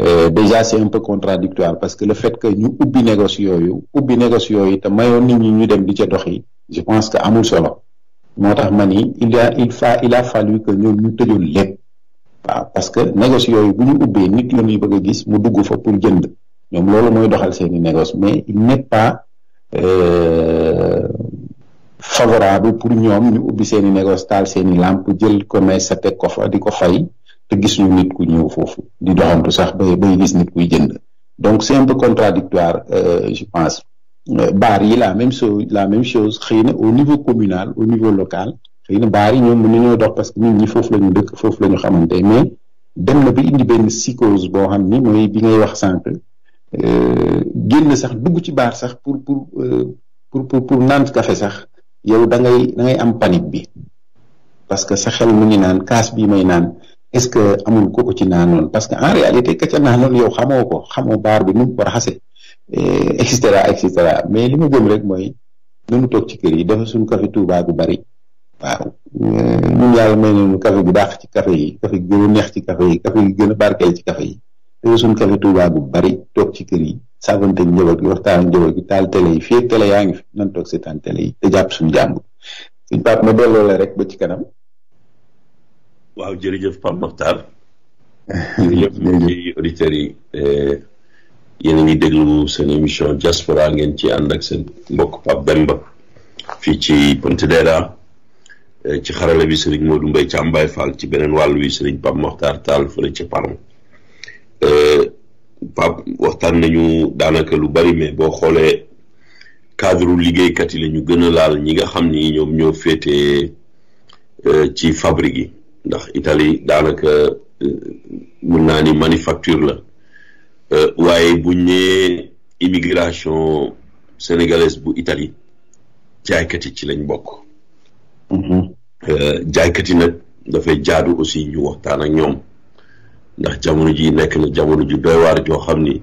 euh, déjà c'est un peu contradictoire parce que le fait que ñu ubi négocier yoyu ubi négoce yoyu te mayo nit ñi ñu dem di dox yi je pense que amul solo motax mani il a il fa il a fallu que ñoom ñu tëjoon lépp wa parce que négocier yoyu bu ñu ubbee nit la bëgg gis mu dugg fa pour jënd ñom lolu moy doxal seeni négoce mais il n'est pas Euh, favorable pour ñoom ñu ubbi seen i négoce taal seen i làmp jël commerce sa teg ko fa di ko fay te gis ñu nit ku ñëw foofu di doxantu sax bay bay gis nit kuy jënd donc c'est un peu contradictoire euh, je pense euh, baar yi la même chose la même chose xëy na au niveau communal au niveau local xëy na baar yi ñoom mën nañoo dox parce que nit ñi foofu la ñu dëkk foofu la ñu xamante mais dem na bi indi benn psychose boo xam ni mooy bi ngay wax sànq génn sax dugg ci baar sax pour pour euh, pour pour pour naan café sax yow da ngay da ngay am panique bi parce que sax xel mu ngi naan kaas bii may naan est-ce que amul ko ko ci naanoon parce que en réalité ka ca naanoon yow xamoo ko xamoo baar bi nu mu ko raxase et mais li ma gëm rek mooy nunu toog ci kër yi dafa suñu café Touba bu bari waaw ñun yàlla may noonu café bu dàq ci café yi café gi gën neex ci café yi café gi gën a barkeel ci café yi te suñ kër Tuubaa bu bari toog ci kër yi savante njaboot gi waxtaan njaboot gi taal télé yi fii télé yaa ngi fi nan toog seetaan télé yi te jàpp suñu jàmb suñ Pape rek ba ci kanam waaw jërëjëf Pape Makhtar *laughs* jërëjëf yi eh, yéen a ngi déglu seen émission diaspora ngeen ci ànd ak seen mbokk Pape Demba fii ci Pontedera eh, ci xarala bi sëriñ Modou Mbaye Thiam Baye Fall ci beneen wàll wi sëriñ Pape Makhtar Tall fële Euh, Pape waxtaan nañu daanaka lu bari mais boo xoolee cadre liggéeykat yi lañu ñu gën a laal ñi nga xam ni ñoom ñoo féetee euh, ci fabrique yi ndax Italie daanaka euh, mën naa ni manufacture la waaye buñ nee immigration sénégalaise bu Italie jaaykat yi ci lañ bokk. Mm-hmm. jaaykat yi nag dafay jaadu aussi ñu waxtaan ak ñoom. ndax jamono ji nekk na jamono ju doy waar joo xam ni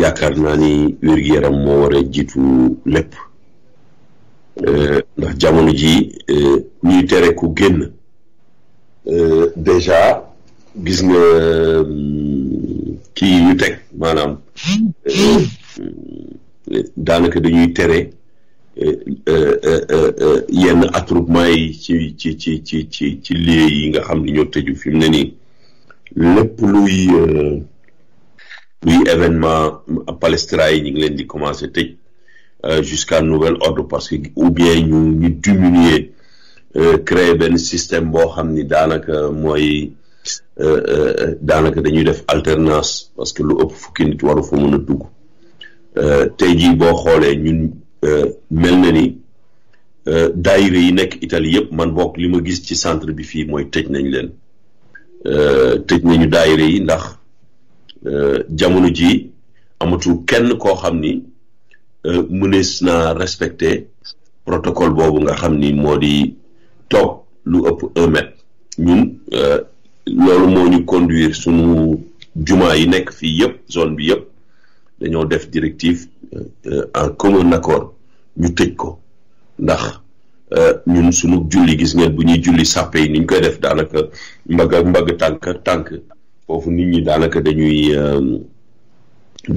yaakaar naa ni wér yaram moo war a jiitu lépp euh, ndax jamono ji euh, ñuy tere ku génn euh, déjà gis nga kii ñu teg maanaam daanaka dañuy tere Eh, eh, eh, yenn attroupement yi ci ci ci ci ci ci lieu yi nga xam ni ñoo tëju fi ne nii lépp luy euh, luy événement palestra yi ñu ngi leen di commencé tëj euh, jusqu'à nouvelle ordre parce que ou bien ñu ñu diminuer euh, créer benn système boo xam ni daanaka mooy daanaka dañuy def alternance parce que lu ëpp fukki nit waru fa mën a dugg tey jii boo xoolee Euh, mel na ni euh, daayira yi nekk Italie yëpp man bokk li ma gis ci centre bi fii mooy tëj nañ leen euh, tëj nañu daayira yi ndax jamono ji amatul kenn koo xam ni mënees naa respecté protocole boobu nga xam ni moo di toog lu ëpp un mètre ñun loolu moo ñu conduire sunu jumaa yi nekk fii yëpp zone bi yëpp dañoo def directive Euh, en commun accord ñu tëj ko ndax euh, ñun sunu julli gis ngeen bu ñuy julli sàppe niñ koy def daanaka mbagg ak mbagg tànk tànk foofu nit ñi daanaka dañuy euh,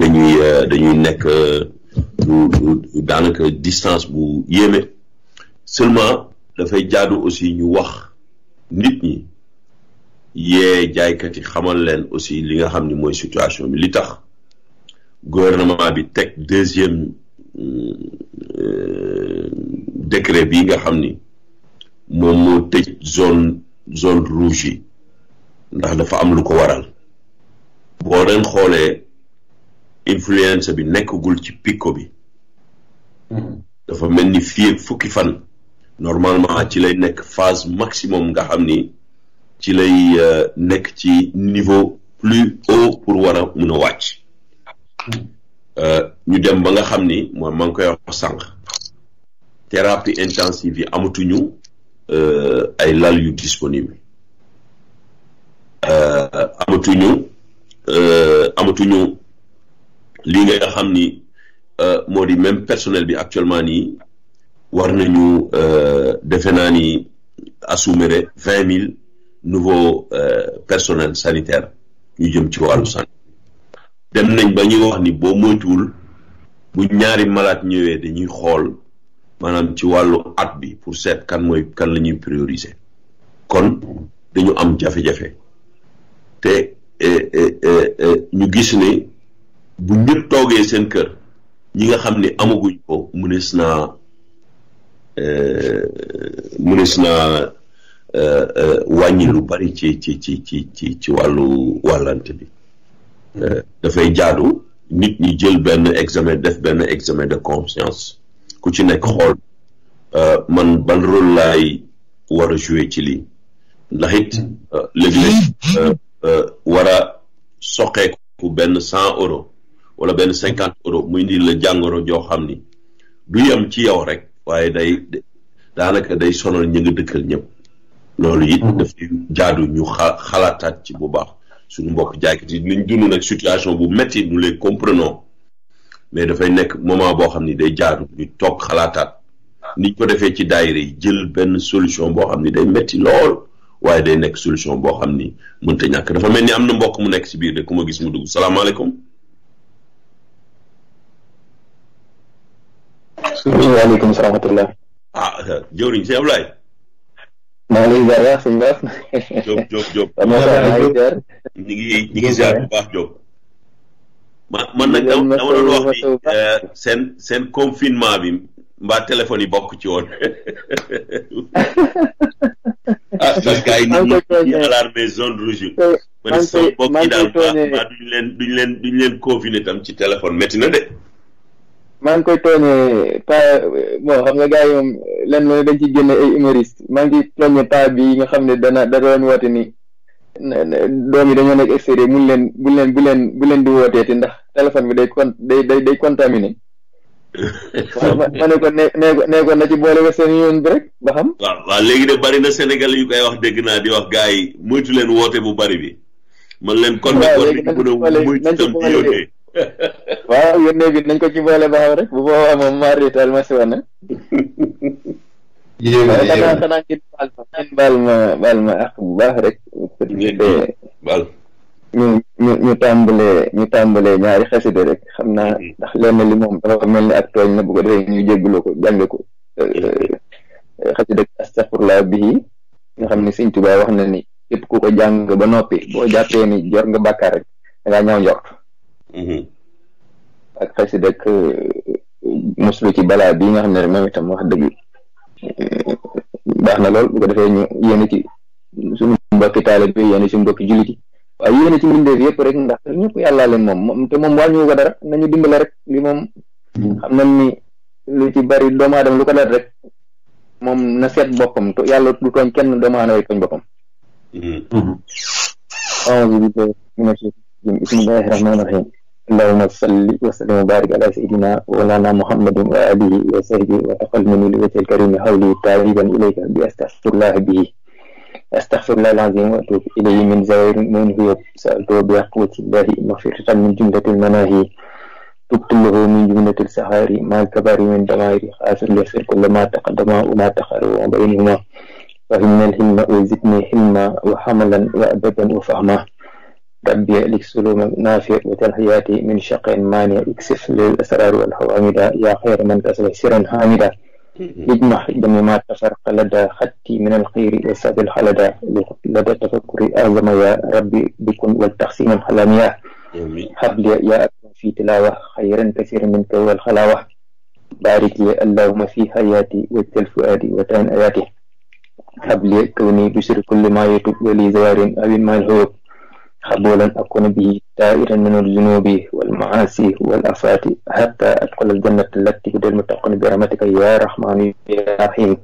dañuy dañuy nekk daanaka distance bu yéeme seulement dafay jaadu aussi ñu wax nit ñi yee jaaykat yi xamal leen aussi li nga xam ni mooy situation bi li tax gouvernement bi teg deuxième euh, décret bi nga xam ni moom moo tëj zone zone rouge yi ndax dafa am lu ko waral boo leen xoolee influence bi nekkagul ci picco bi hmm. dafa mel ni fii fukki fan normalement ci lay nekk phase maximum nga xam ni ci lay euh, nekk ci niveau plus haut pour war a mun a wàcc Euh, ñu dem ba nga xam ni mooy maa ngi koy wax sànq thérapie intensive yi amatuñu euh, ay lal yu disponible euh, amatuñu amatuñu lii nga xam ni moo di même personnel bi actuellement nii war nañu defe naa ni assumer vingt mille nouveaux personnels sanitaire ñu jëm ci wàllu santé dem nañ ba ñuy wax ni boo moytuwul bu ñaari malaat ñëwee dañuy xool maanaam ci wàllu at bi pour seet kan mooy kan la ñuy prioriser kon dañu am jafe-jafe te e, e, e, ñu gis ne bu ñëpp toogee seen kër ñi nga xam ni amaguñ ko munis naa mënees naa wàññi lu bari ci ci ci ci ci ci wàllu wàllante bi dafay jaadu nit ñi jël benn examen def benn examen de conscience ku ci nekk xool euh, man ban rôle lay war a jouer ci lii ndax it euh, léeg-léeg euh, war a soqeeku benn cent euro wala benn cinquante euro muy ni la jàngoro joo xam ni du yem ci yow rek waaye day daanaka day sonal ñi nga dëkkal ñëpp loolu it mm-hmm. dafay jaadu ñu xalaataat ci bu baax suñu mbokk jaaykat yi dinañ dund nag situation bu metti nous les comprenons mais dafay nekk moment boo xam ni day jaadu ñu toog xalaataat niñ ko defee ci daayira yi jël benn solution boo xam ni day métti lool waaye day nekk solution boo xam ni mënta ñàkk dafa mel ni am na mbokk mu nekk ci biir de ku ma gis mu dugg salaamaaleykum. waaleykum salaam wa rahmatulah. ah jëwriñ si Ablaye. maa ngi lay ziar waaw suñu baax. Diop Diop Diop. ngi ñu ngi ziar bu baax Diop. man man a dama doon wax ni seen seen confinement bi mbaa téléphone yi bokk ci woon. a parce *laughs* que ay nit ñi alarmé zone rouge yi. man sama mbokk yi daal mbaa duñu leen duñ leen duñu leen confiné tam ci téléphone métti na de. maa ngi koy tooñee pa bon xam nga gars yi moom lenn mooy dañ ci génne ay humoriste maa ngi tooñee pa bi nga xam ne dana da doon woote ni doom yi dañoo nekk extérieur mun leen bu leen bu leen bu leen di wootee ti ndax téléphone bi day con day day day contaminé waaw ma ne ko ne ne ko na ci boole ba seen yoon bi rek ba xam. waaw léegi de bari na Sénégal yu koy wax dégg naa di wax gars yi moytu leen woote bu bari bi. man leen kon nag kon nag bu waaw yónnee bi nañ ko ci boole baax rek bu boobaa moom mari daal ma si wane. bal, ma ma ak bu baax rek. baal ñu ñu ñu tàmbalee ñu tàmbalee ñaari xasida rek xam naa mm-hmm. ndax lenn li moom dafa mel ni ak tooñ na bu ko defee ñu jégguloo ko jànge ko mm-hmm. xasida astaxfirullah bii nga xam ne Sëñ wax na ni képp ku ko jàng ba noppi boo jàppee ni jor nga bàkkaar rek da ngaa njort Mm-hmm. ak xasida ak uh, muslu ci balaa bi nga xam ne moom itam wax dëgg baax na lool bu ko defee ñu yéene ci suñu mbokki taalibe bi yéene ci mbokki jullit yi waaye yéene ci mbindeef yëpp rek ndax ñëpp yàllaa leen moom moom te moom wàññiwu ko dara nañu dimbale rek li moom mm-hmm. xam nañ ni lu ci bari doomu aadama lu ko dal rek moom na seet boppam yàlla du tooñ kenn doomu aadama yi tooñ boppam أعوذ بالله من الشيطان بسم الله الرحمن الرحيم اللهم صل وسلم وبارك على سيدنا مولانا محمد وآله وصحبه من الوجه الكريم حولي تائبا إليك بأستغفر الله به أستغفر الله العظيم وأتوب إليه من زائر من هو سألته بقوة الله مغفرة من جملة المناهي تبت له من جملة السهار مع الكبار من دمائر خاسر يسر كل ما تقدم وما تخر وبينهما فهمنا الهمة وزدني حلما وحملا وأدبا وفهما ربي الكسلوم نافع وتلحيات من شق مانع اكسف للأسرار والحوامدة يا خير من تصلح سرا حامدا اجمح ما تفرق لدى خدتي من الخير وساد الحلدى لدى تفكر أعظم يا ربي بكم والتحسين الحلمية حبل يا أكرم في تلاوة خيرا كثيرا كوى الخلاوة بارك لي اللهم في حياتي واجتل فؤادي وتان آياته حبل كوني بشر كل ما يطلب ولي زوار أبي ما الهوب خبولا أكون به تائرا من الذنوب والمعاصي والأفات حتى أدخل الجنة التي هدى المتقون برحمتك يا رحمن يا رحيم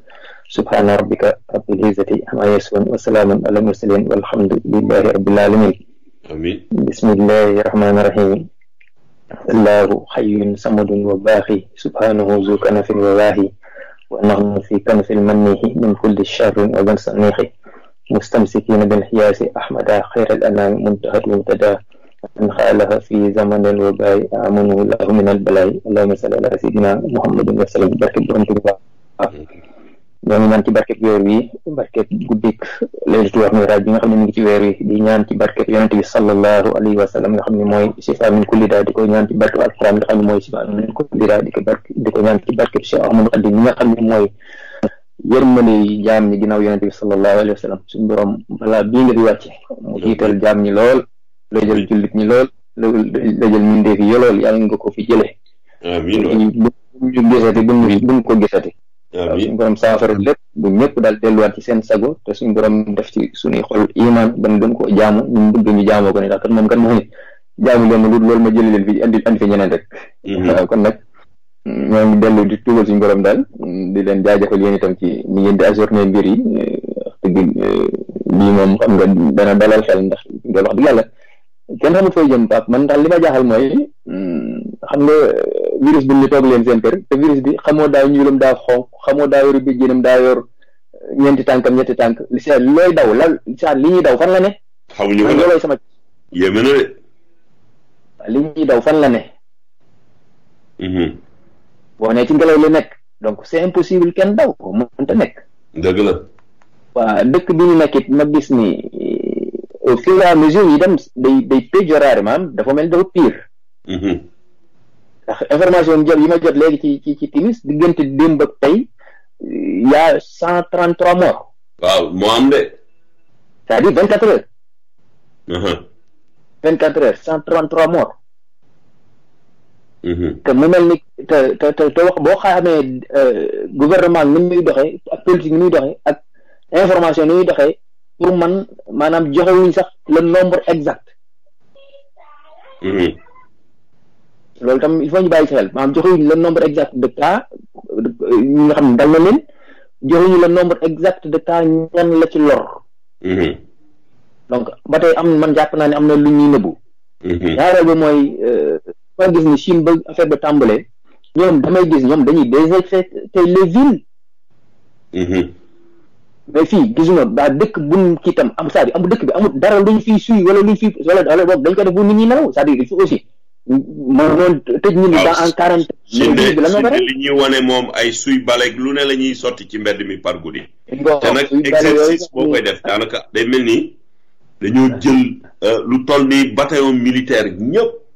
سبحان ربك رب العزة عما يصفون وسلام على المرسلين والحمد لله رب العالمين آمين بسم الله الرحمن الرحيم الله حي صمد وباقي سبحانه ذو كنف وواهي ونحن في كنف المنه من كل شر وبن صنيخه مستمسكين بانحياز أحمد خير الأنام منتهى المنتدى من خالها في زمن الوباء آمنوا له من البلاء اللهم صل على سيدنا محمد وسلم barke borom Tuuba ñoo ngi ñaan ci barke weer wi barke guddik lay wax ni raaj bi nga xam ne mi ngi ci weer wi di ñaan ci barke yonent bi sallallahu alayhi wa sallam nga xam ne mooy shifa min kulli daa di ko ñaan ci barke alquran nga xam ne mooy shifa min kulli daa di ko barke di ko ñaan ci barke Cheikh amadou Khadim nga xam ne mooy yërmande yi jaam ñi ginnaaw yonente bi sallallahu alayhi wa sallam suñ borom balaa bii nga di wàcce mu jiital jaam ñi lool la jël jullit ñi lool la jël mindeef yi yolool yàlla nga ko fi jëlee amiin bu ñu gisati buñ buñ ko gisati waaw suñu borom saafara lépp bu ñëpp daal delluwaat ci seen sago te suñu borom def ci suñuy xol iman ban gën ko jaamu ñu bëgg ñu jaamoo ko ni ndax kat moom kat ma ni jaamu leen loolu ma jëli leen fi andi andi fi ñeneen rek mm-hmm. kon ñoo dellu di tuubal suñu borom daal di leen jaajëfal yéen itam ci ni ngeen di assurné mbir yi euh, dëgg euh, lii moom xam nga dana dalal xel ndax nga wax dëgg yàlla kenn xamul fooy jëm Pape man daal li jaaxal mooy hmm, xam nga euh, virus bi ni toog leen seen kër te virus bi xamoo daa ñuulam daa xonq xamoo daa yor béjjéenam daa yor ñeenti tànkam ñetti tànk li si looy daw la saa li ñuy daw fan la ne. xamuñu ko li ñuy daw fan la ne. Mm-hmm. boo nee ci ngelaw li nekk donc c'est impossible kenn daw ko mënta nekk. dëgg la. waa dëkk bi ñu nekk it ni au fur et à mesure yi dem day day maam dafa mel dafa pire. Mhm. ndax information yi ma jot léegi ci ci ci timis diggante démb ak tey y'a cent trente trois morts. waaw moo am de. cest vingt quatre heures. Mhm. vingt quatre heures cent trente trois morts. Mhm. te mu mel ni te te te wax boo xamee euh, gouvernement bi ni muy doxee ak politique ni muy doxee ak information ni muy doxee pour man maanaam joxe sax le nombre exact. Mhm. loolu tam il faut ñu bàyyi si xel maanaam joxe exact de cas ñi xam ne dal na leen joxe wuñ le exact de ta ñan la ci lor. Mhm. donc ba am man jàpp naa ne am na lu ñuy nëbbu. ñaareel ba mooy. Euh, ma gis ni Chine ba affaire ba tàmbalee ñoom damay gis ñoom dañuy désinfecter les villes mm-hmm. mais fii gisuma daa dëkk buñ kii am saa bi dëkk bi amul dara luñ fiy suy dañ ko def bu nit ñi nelaw c'est-à-dire il faut aussi ma noonu tëj ñu ni dans en quarante bi ah, la li ñuy wane moom ay suy baleeg lu ne la ñuy sotti ci mbedd mi par guddi te nag exercice boo koy def daanaka day mel nii dañoo jël euh, lu toll ni bataillon militaire ñëpp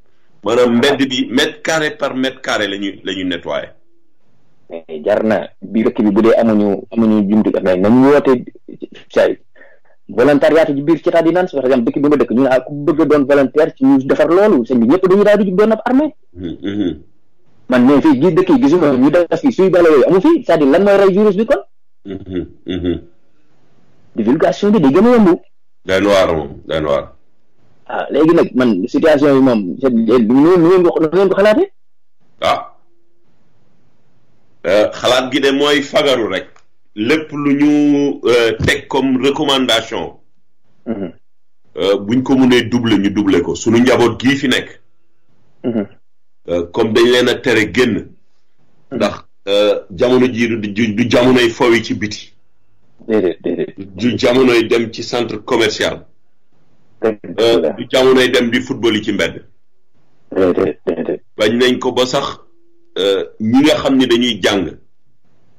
maanaam mbedd bi mètre carré par mètre carré la ñu la ñu nettoyé. mais jar bi rëkk bi bu dee amuñu amuñu jumtu mais nañu woote say volontariat ci biir ci di naan par exemple dëkk bi ma dëkk ñu ne ah ku bëgg doon volontaire ci ñu defar loolu sëñ bi ñëpp dañu daal di doon ab armée. Hmm, hmm. man mais fii gis dëkk yi gisuma ñu def fii suy bale yooyu amu fi c'est-à-dire lan mooy rey virus bi kon. Hmm, divulgation bi day gën a yomb. day noir moom day noir. ah léegi nag man situation yi moom c' est lu ngeen ko lu ngeen ko xalaatee. waaw ah. euh, xalaat gi de mooy fagaru rek. lépp lu ñu euh, teg comme recommandation. Mm-hmm. Euh, buñ ko mënee doubler ñu doubler ko suñu njaboot gii fi nekk. Mm-hmm. comme dañ leen a tere génn. Mm-hmm. ndax jamono jii du du jamonoy fowi ci biti. déedéet du jamonoy dem ci centre commercial. Euh, du jamonoy dem di football yi ci mbedd bañ nañ ko ba sax euh, ñi nga xam ni dañuy jàng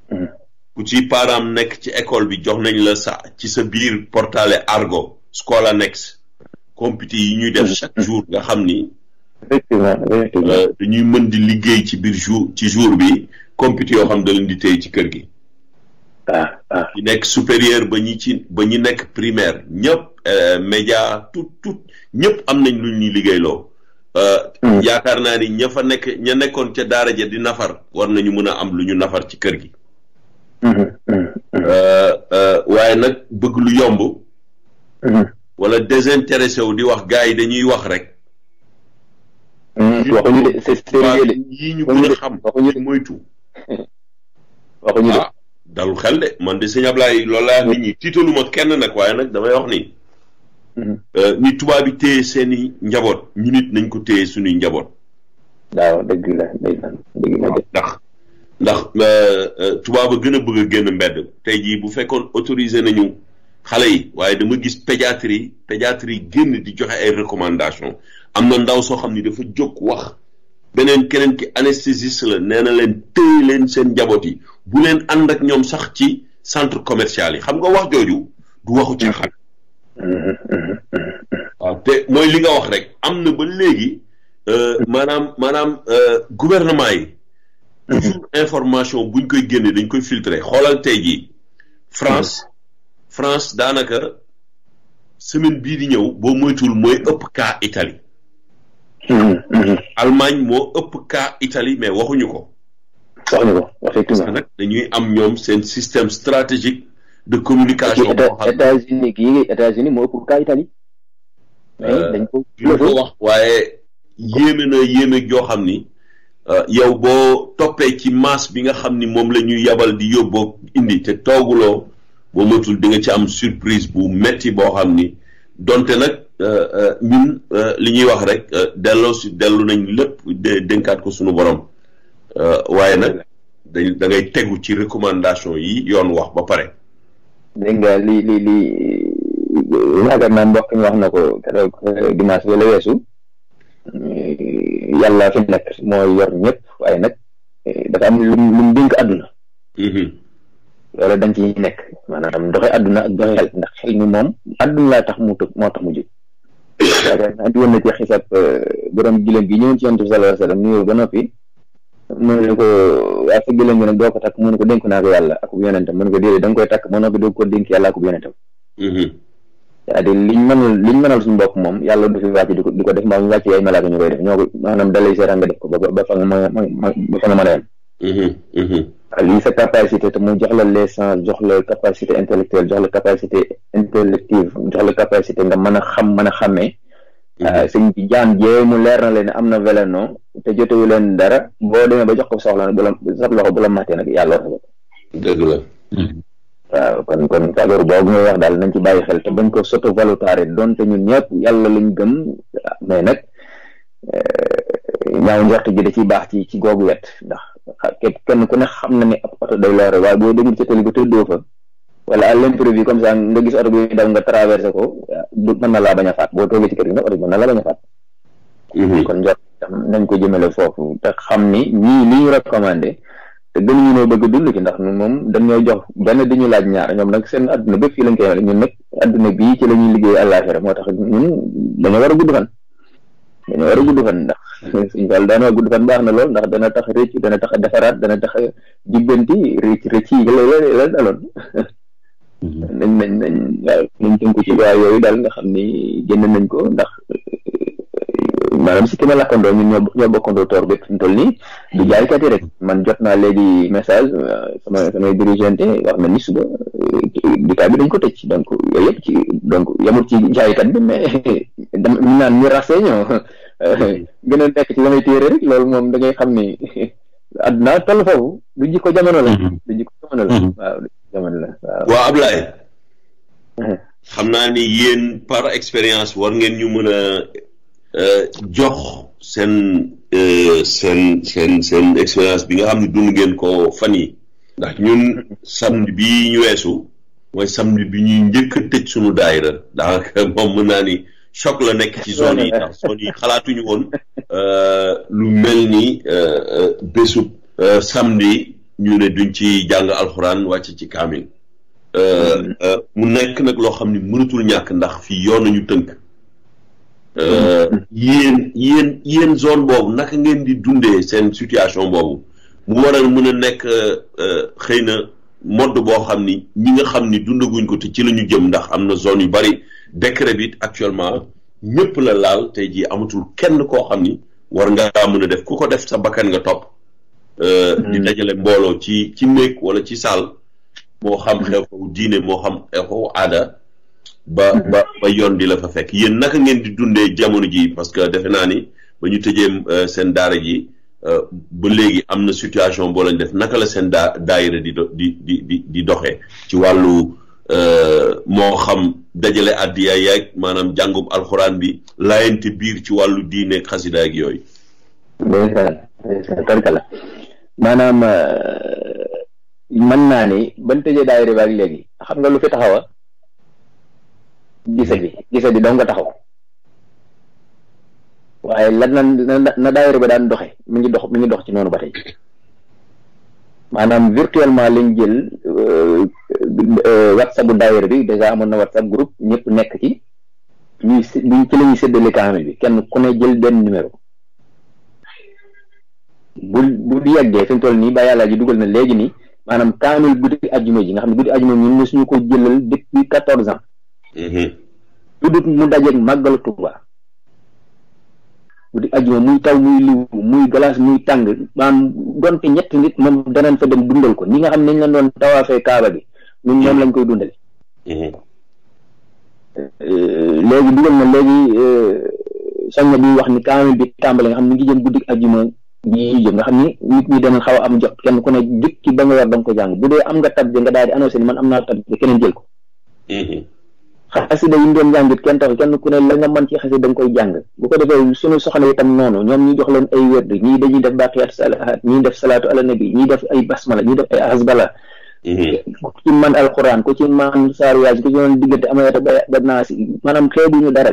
hmm. ku ci param nekk ci école bi jox nañ la sa ci sa biir portale argo Scolanex compiti yi ñuy def hmm. chaque jour nga xam ni euh, dañuy mën di liggéey ci biir jour ci jour bi compiti yoo xam da leen di téye ci kër gi Ah, ah. ñi nekk supérieur ba ñi ci ba ñi nekk primaire ñëpp euh, média tout tout ñëpp am nañ lu ñuy liggéeyloo euh, hmm. yaakaar naa ni ña fa nekk ña nekkoon ca daara ja di nafar war nañu mën a am lu ñu nafar ci kër gi hmm, hmm, euh, waaye nag bëgg lu yomb wala désintéressé wu di wax gaa yi dañuy wax rek waxuñu de yi ñu gën a xam moytu waxuñu de *laughs* dalul xel de man de sëñ Ablaye loolu laa nit ñi moot kenn nag waaye nag damay wax ni. Mhm. Euh, ni tubaab yi téye seen i njaboot ñu nit nañ ko téye suñuy njaboot. waaw dëgg la ndax ndax euh, euh, tubaab a gën a bëgg a génn mbedd tey jii bu fekkoon autorisé nañu xale yi waaye dama gis pédiatrie pédiatrie génn di joxe ay recommandation am na ndaw soo xam ni dafa jóg wax. beneen keneen ki anesthésiste la nee na leen téye leen seen njaboot yi bu leen ànd ak ñoom sax ci centre commercial yi xam nga wax jooju du waxu ci xam waaw te mooy li nga wax rek am na ba léegi euh, maanaam maanaam euh, gouvernement yi toujours information buñ koy génne dañ koy filtre xoolal tey jii France France daanaka semaine bii di ñëw boo moytuwul mooy ëpp cas Italie Mhm, mhm. Allemagne moo ëpp cas Italie mais waxuñu ko. waxuñu ko effectivement parce que nag dañuy am ñoom seen système stratégique de communication. boo xam États-Unis moo ëpp cas Italie. Euh, dañ ko wax waaye yéeme na yéeme joo xam ni euh, yow boo toppee ci masse bi nga xam ni moom la ñuy yabal di yóbboo indi te tooguloo boo matul di nga ci am surprise bu metti boo xam ni donte nag. Euh, euh, ñun euh, li ñuy wax rek delloo si dellu nañ lépp dénkaat ko suñu borom waaye nag dañ da tegu ci recommandation yi yoon wax ba pare dégg nga li li li yaakaar naa mbokk mi wax na ko keroog dimanche wala weesu yàlla fi nekk mooy yor ñëpp waaye nag dafa am lu mu dénk àdduna mm-hmm. loolu dañ ci nekk maanaam doxe àdduna ak doxe xel ndax xel mi moom àdduna laa tax mu tëb moo tax mu jóg yaakaar a andi woon na ci xisaab euh, borom gilem gi ñëwoon ci yonent bi sallallahu alayhi wa sallam nuyoo ba noppi mu ne ko waa sa gilem gi nag doo ko takk mu ne ko denk naa ko yàlla ak bu yonentam mu ne ko déedéet da nga koy takk ba noppi doo ko dénk yàlla ak bu yonentam mm-hmm. c'est-à-dire liñ mënal moom yàlla du fi wàcc di di ko def mbaa mu wàcc ay malaaka ñu koy def ñoo ko maanaam ko ba ba lii sa capacité te mu jox la l'essence jox la capacité intellectuelle jox la capacité intellective jox la capacité nga mën a xam mën a si mm-hmm. euh, sëñ bi jaam jee mu leer na leen am na veleno te jotewu leen dara boo demee ba jox ko soxla nag bu la sab loxo bu la matee nag yàlla war dëgg mm-hmm. kon kon kàddu boobu ngay wax daal nañ xel te bañ ko soto valutare donte ñun ñëpp yàlla lañ gëm mais nag euh, ñaaw njort ji da ciy baax ci ci googu wet ndax képp kenn ku ne xam na ne ab oto day loore waaye boo dem ci tali ba tëddoo fa wala à l'imprévu comme nga gis oto bi daw nga traversé ko mën na laa bañ a faat boo toogee ci kër gi nag oto bi mën na laa a faat mhm. kon njort tam ko jëmale foofu te xam ni ñi li ñu recommandé te gënuñu noo bëgg dund ci ndax ñun moom dañoo jox benn di ñu laaj ñaar ñoom nag seen adduna bépp fii lañ koy mel ñun nag adduna bii ci la ñuy liggéey àllaaxira moo tax ñun dañoo war a gudd fan dañoo war a gudd fan ndax suñu daal daan gudd fan baax na lool ndax dana tax rëcc dana tax a defaraat dana tax a jubbanti rëcc rëcc yi loolu la daloon mhm. nañ nañ nañ waaw nañ tënku ci waa yooyu daal nga xam ni génn nañ ko ndax maanaam si ki ma lakkandoo ñun ñoo ñoo bokkandoo toor bépp fi mu toll nii mm-hmm. du jaaykat yi rek man jot naa message euh, samay dirigeante wax ni suba dikaay euh, bi dañ ko tëj donc yooyu yëpp ci donc yamut ci jaaykat bi mais *laughs* dama ñu naan ñu rasee *laughs* mm-hmm. gën a nekk ci la may téere rek loolu moom da ngay xam ni *laughs* àdduna toll foofu du jikko jamono la mm-hmm. du jikko jamono la waaw du jikko jamono la waaw waaw Ablaye xam naa ni par expérience war ñu mën a Euh, jox seen euh, seen seen seen expérience bi nga xam ne dund ngeen ko fan yi ndax ñun samedi bi ñu weesu mooy samedi bi ñuy njëkk a daay sunu daayira daanaka moom mën naa ni choc la nekk ci zone yi ndax zone yi xalaatuñu woon euh, lu mel ni bésub samedi ñu ne duñ ci jàng alxuraan wàcc ci kaamil mu nekk nag loo xam ne mënatul ñàkk ndax fii yoon nañu tënk yéen yéen yéen zone boobu naka ngeen di dundee seen situation boobu mu waral mën a nekk euh, euh, xëy na modd boo xam ni ñi nga xam ni dundaguñ ko te ci la ñu jëm ndax am na zone yu bari décret bi actuellement ñëpp la laal tey jii amatul kenn koo xam ni war ngaa mën a def ku ko def sa bakkan nga topp. Euh, hmm. di dajale mbooloo ci ci néeg wala ci saal moo xam xew hmm. xew diine moo xam xew xew aada. ba ba yoon di la fa fekk yéen naka ngeen di dundee jamono ji parce que defe naa ni ba ñu tëjee euh, seen daara ji euh, ba léegi am na situation boo lañ def naka la seen daa daayira di di di di di ci wàllu euh, moo xam dajale àddiya yaag maanaam jàngum alxuraan bi laayante biir ci wàllu diine xasida ak yooyu maanaam mën naa ni ban tëjee daayira bi ak léegi xam nga lu fi taxawa gise bi gise bi doo nga taxaw waaye lan na na na daayira ba daan doxe mi ngi dox mi ngi dox ci noonu ba tey maanaam virtuellement lañ jël euh, euh, whatsapp bu daayira bi dèjà amoon na whatsapp groupe ñëpp nekk ci ñuy ci la ñuy séddale kaamil bi kenn ku ne jël benn numéro bu bu yeggee fi mu nii ba yàlla ji dugal na léegi nii maanaam kaamil guddi ajuma ji nga xam ne guddi ajuma ñun mosuñu ko jëlal depuis quatorze ans udut mu dajeeg màggalu Tuuba guddi ajuma muy taw muy liw muy glace muy tàng maam donte ñetti nit mom da nañ fa dem dundal ko ñi nga xam ñu don tawafé kaaba bi ñun ñom lañ koy dundale eh, légui dugal na légui euh sanga bi wax ni kaami bi tambal nga xamni ngi jëm guddi ajuma bi jëm nga xamni nit ñi dana xaw am jox kenn ku ne jëkki ba nga war da ko jang bu dee am nga tab bi nga daal di annoncé ni man amna naa tab bi keneen jël ko hmm xasida yi doon jàng kenn tax kenn ku ne la nga man ci xasida nga koy jàng bu ko defee suñu soxla itam noonu ñoom ñi jox leen ay wedd ñii dañuy def baqiyat salahat ñii def salatu ala nabi ñii def ay basmala ñii def ay asbala mhm. ku ci man alquran ku ci man saar yaaj ku ci man diggante amayata ba ba naasi maanaam xeebu ñu dara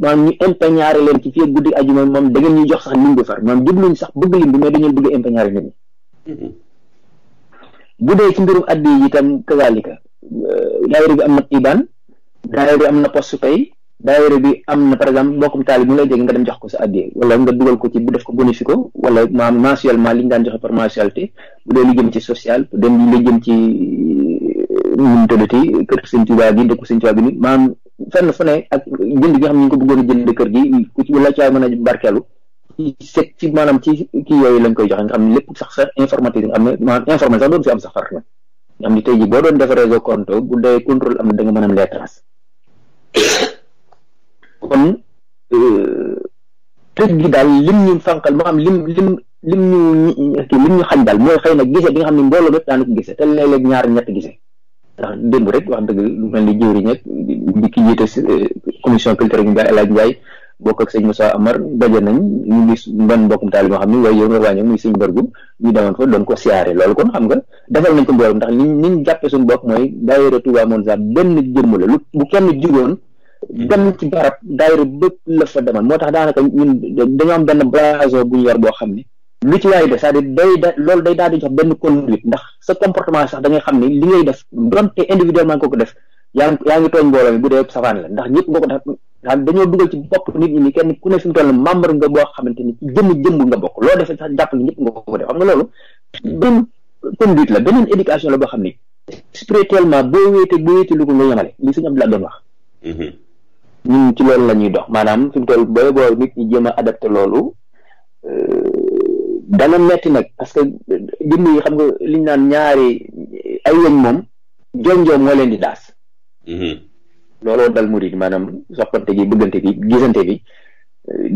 man ñu impéñaare leen ci fii guddi ajuma mom da ngeen ñuy jox sax ñu ngi far maanaam jubluñ sax bëgg lim bi mais dañu bëgg impéñaare nit mhm. bu dé ci mbirum addi tam kazalika euh, laayri bi am na daayira bi am na poste pay daayira bi am na par exemple mbokkum taali mu lay dégg nga dem jox ko sa addiya wala nga dugal ko ci bu def ko bonifié ko wala maam mensuellement li ñu daan joxe par mensualité bu dee lu ci social bu dee lu jëm ci ñun tëddati kër sëñ Tuubaa bi bi ni maam fenn fu ne ak jënd gi xam ne ñu ko bëggoon a kër gi ku ci mën a barkeelu ci set ci ci kii yooyu lañ koy joxe nga xam ne sax sax informatique am na am sax far na nga xam ne tey ji boo doon def réseau compte bu dee contrôle am na da nga mën am les traces kon tëj euh, gi daal lim ñu fànqal maanaam lim lim lim ñu lim ñu xañ daal mooy xëy na gisee bi nga xam ne mbooloo bépp daanu ko gisee te léeg-léeg ñaar ñett gisee ndax démb rek wax dëgg lu mel ni jiwri ñeg bi ki jiite euh, commission culturelle ñu daal El Hadj bokk ak sëñ Moussa Amar daje nañ ñu ngi mban mbokkum taal a xam ne waaye yow nga wàññi muy sëñ bërgu ñu demoon fa doon ko siyaare loolu kon xam nga defal nañ ko mbooloo ndax ni ni benn jëmm la lu bu kenn jugoon dem ci barab daayira bépp la fa demoon moo tax daanaka ñun dañoo am benn blason bu ñu yor boo xam ne lu ci waay def saa à dire day da loolu day daal di jox benn conduite ndax sa comportement sax da xam ne li ngay def donte individuellement ko ko def yaa yaa ngi tooñ mbooloo mi bu dee safaan la ndax ñëpp nga ko def dañoo dugal ci nit ñi ni kenn ku ne fi mu toll membre nga boo xamante ni ci jëmm jëmm nga bokk loo defee sax jàpp ni ñëpp nga ko def benn la éducation la boo xam ni spirituellement boo wéete boo wéete lu ko nga yemale li suñu Abdoulaye wax mm-hmm. ci loolu la ñuy dox maanaam fi mu toll booy boo nit ñi jéem a adapté loolu euh, dana metti nag parce que yi xam nga liñ naan ñaari ay weñ moom joom joom moo leen di daas Mm-hmm. looloo dal murid maanaam soppante gi bëggante gi gisante bi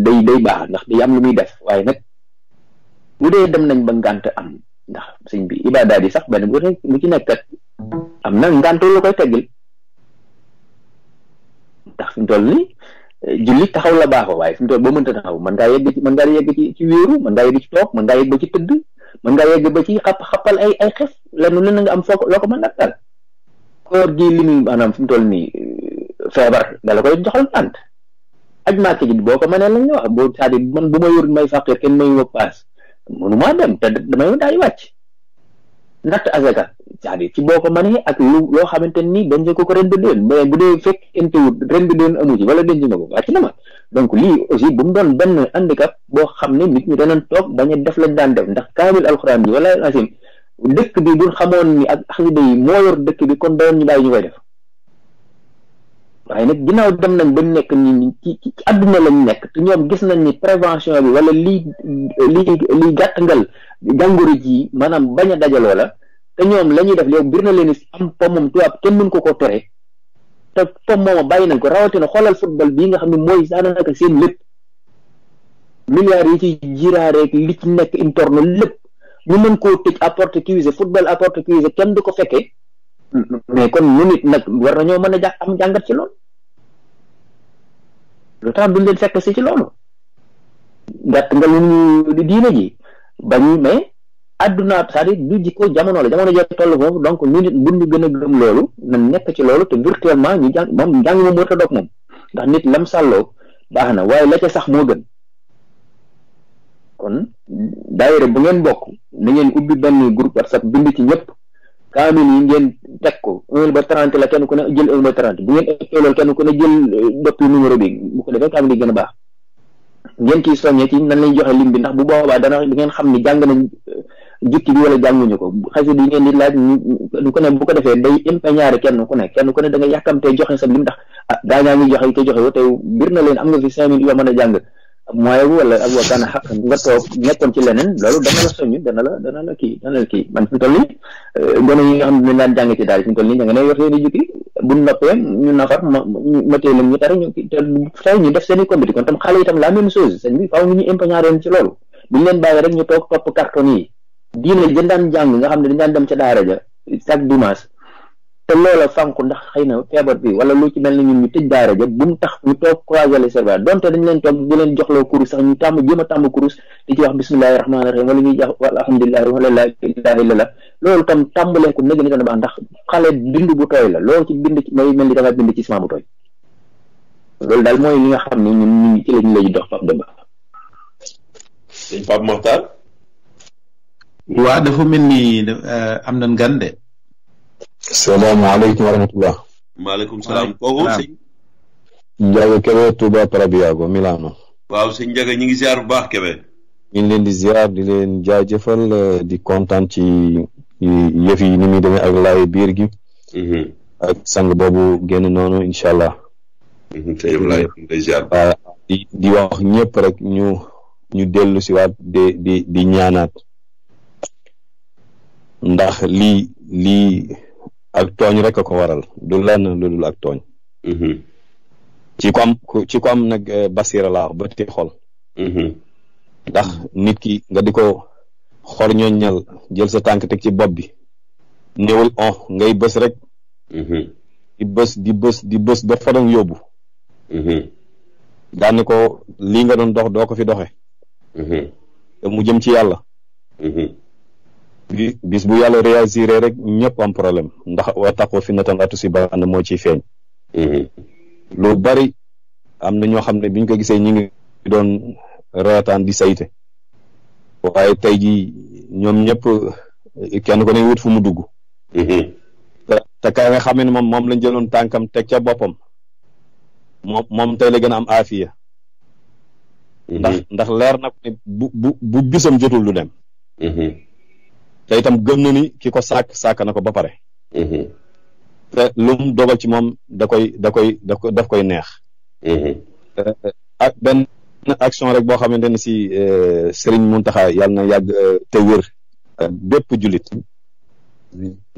day day baax ndax day am lu muy def waaye nag bu dee dem nañ ba ngànt am ndax sëñ bi ibaadaat yi sax benn bu rek bu ci nekkat am na ngànt la koy teggil ndax fi mu toll ni eh, julli taxaw la baaxoo waaye fi mu toll boo mënta taxaw mën ngaa yegg ci mën ngaa yegg ci ci wéeru mën ngaa yegg ci toog mën ngaa yegg ba ci tëdd man ngaa yegg ba ci xapal xappal ay ay xef lenn na nga am foo loo ko mën nag koor gi li muy maanaam fi mu toll nii euh, feebar dala koy joxal tànt aj màkk ji boo ko mënee la ñu wax boo c'est-à-dire man bu ma yorut may fàqir ken mayu ma paas mënu maa dem te damay daal di wàcc natt asaka c'est-à-dire ci boo ko mënee ak lu loo xamante ni denc ko ko ren bi déwén mais bu dee fekk entewut ren bi amu ci wala denc ma ko wàcc na lii aussi bu mu doon benn handicap boo xam ne nit ñi danañ toog bañ a def lañ daan def ndax kaamil alxuraan bi wala asim dëkk bi buñ xamoon ni ak xasida yi moo yor dëkk bi kon doon ñu bàyyi ñu koy def waaye nag ginnaaw dem nañ ba nekk ni ci àdduna lañ nekk te ñoom gis nañ ni prévention bi wala lii lii lii gàttangal jàngoro ji maanaam bañ a dajaloo la te ñoom lañuy ñuy def yow bir na leen am pom moom tubaab kenn mën ko ko tere te pom mooma bàyyi nañ ko rawatina xoolal football bii nga xam ne mooy daanaka seen lépp milliards yi ci jiraareeg li ci nekk intorno lépp ñu mën koo tëj à porte cuisée football à porte cuisée kenn du ko fekkee mais kon ñu nit nag war nañoo mën a jà am jàngat ci loolu lu tax duñ leen fekk si ci loolu gàtt nga lu ñu diine ji bañu mais àdduna c'est-à-dire du jikko jamono la jamono jee toll foofu donc ñu nit bu ñu gën a gëm loolu na nekk ci loolu te virtuellement ñu jàng moom jàng moom war a moom ndax nit lam sàlloo baax na waaye la ca sax moo gën kon daayira bu ngeen bokk na ngeen ubbi benn groupe whatsapp bind ci ñëpp kaamil yi ngeen teg ko un ba trente la kenn ku ne jël un ba trente bu ngeen ëppee loolu kenn ku ne jël euh, doppi numéro bi bu ko defee kaamil gën a baax ngeen ciy soññee ci nan lañ joxe bi ndax bu boobaa dana di ngeen xam ni jàng nañ euh, jukki bi wala jànguñu ko xasida yi ngeen di laaj ñu ne bu ko defee day impañaare kenn ku ne kenn ku ne da nga yàkkamtee joxe sa lim ndax ah gaa ñaa ngi joxe te joxe te bir na leen am nga fi cinq mille yoo mën a jàng mooy wala ak waa kaana xaq nga toog nekkoon ci leneen loolu dana la soññ dana la dana la kii dana la kii man fi mu euh, nga xam ne daan jàng ci daal fi mu toll nii da nga ne yor ñu nafar ma ma teel ñu tari ñu te tey ñu def seen i compétition kon tam xale daan jàng nga xam ne dañ daan dem ca daara ja chaque dimanche te loola sànku ndax xëy na feebar bi wala lu ci mel ni ñun ñu tëj daara ja bu mu tax ñu toog croiser les cerveaux donte dañ leen toog di leen joxloo kurus sax ñu tàmm jéem a tàmm kurus di ci wax bismillahi rahmaani rahim wala ñuy jax wala alhamdulilahi wala la ilaha loolu tam tàmbaleeku nag ni dana baax ndax xale bind bu tooy la loolu ci bind ci may mel ni danga bind ci ciment bu tooy loolu daal mooy li nga xam ne ñun ñu ngi ci lañu lay dox Pape Demba. sëñ waa dafa mel ni euh, am nañ gan de salaamaaleykum wa rahmatullah. maaleykum salaam kooku sëñ. Ndiaga Kébé Touba Parabiago Milano. waaw sëñ Ndiaga ñu ngi baax Kébé. ñu leen di ziar di leen jaajëfal di kontaan ci yëf yi ni muy demee ak laay biir gi. Mhm. ak sang boobu génn noonu incha allah. Mhm, ah, di wax ñëpp rek ñu dellu si waat di di ñaanaat. ndax lii lii. ak tooñ rek a ko waral du lenn lu ak tooñ. Mm-hmm. ci ko am ci ko am nag euh, basira laa ba ti xol. Mm-hmm. ndax nit ki nga di ko xor ñooñal jël sa tànk teg ci bopp bi. néewul on ngay bës rek. Mm-hmm. di bës di bës di bës ba fa doon yóbbu. daane ko lii nga doon dox ko fi doxe te jëm ci yàlla. bis bu yàlla réagir rek ñëpp am problème ndax wattaqoo fitnatan laa tusiibanna ànd moo ciy feeñ mm-hmm. lu bari am na ñoo xam ne biñ ko gisee ñi ngi doon reetaan di sayte waaye tey ji ñoom ñëpp kenn ko ne wut fu mu dugg mm-hmm. te ka nga ne moom moom lañ jëloon tànkam ca boppam moom moom la gën am aafiya mm-hmm. ndax ndax leer na ko bu bu bisam jotul lu dem te itam gëm na ni ki ko sàkk sàkk na ko ba pare. Mm-hmm. te lu mu dogal ci moom da koy da koy daf koy neex. Mm-hmm. Eh, ak benn action rek boo xamante ne si eh, Serigne Mountakha yàlla na yàgg eh, te wér bépp julit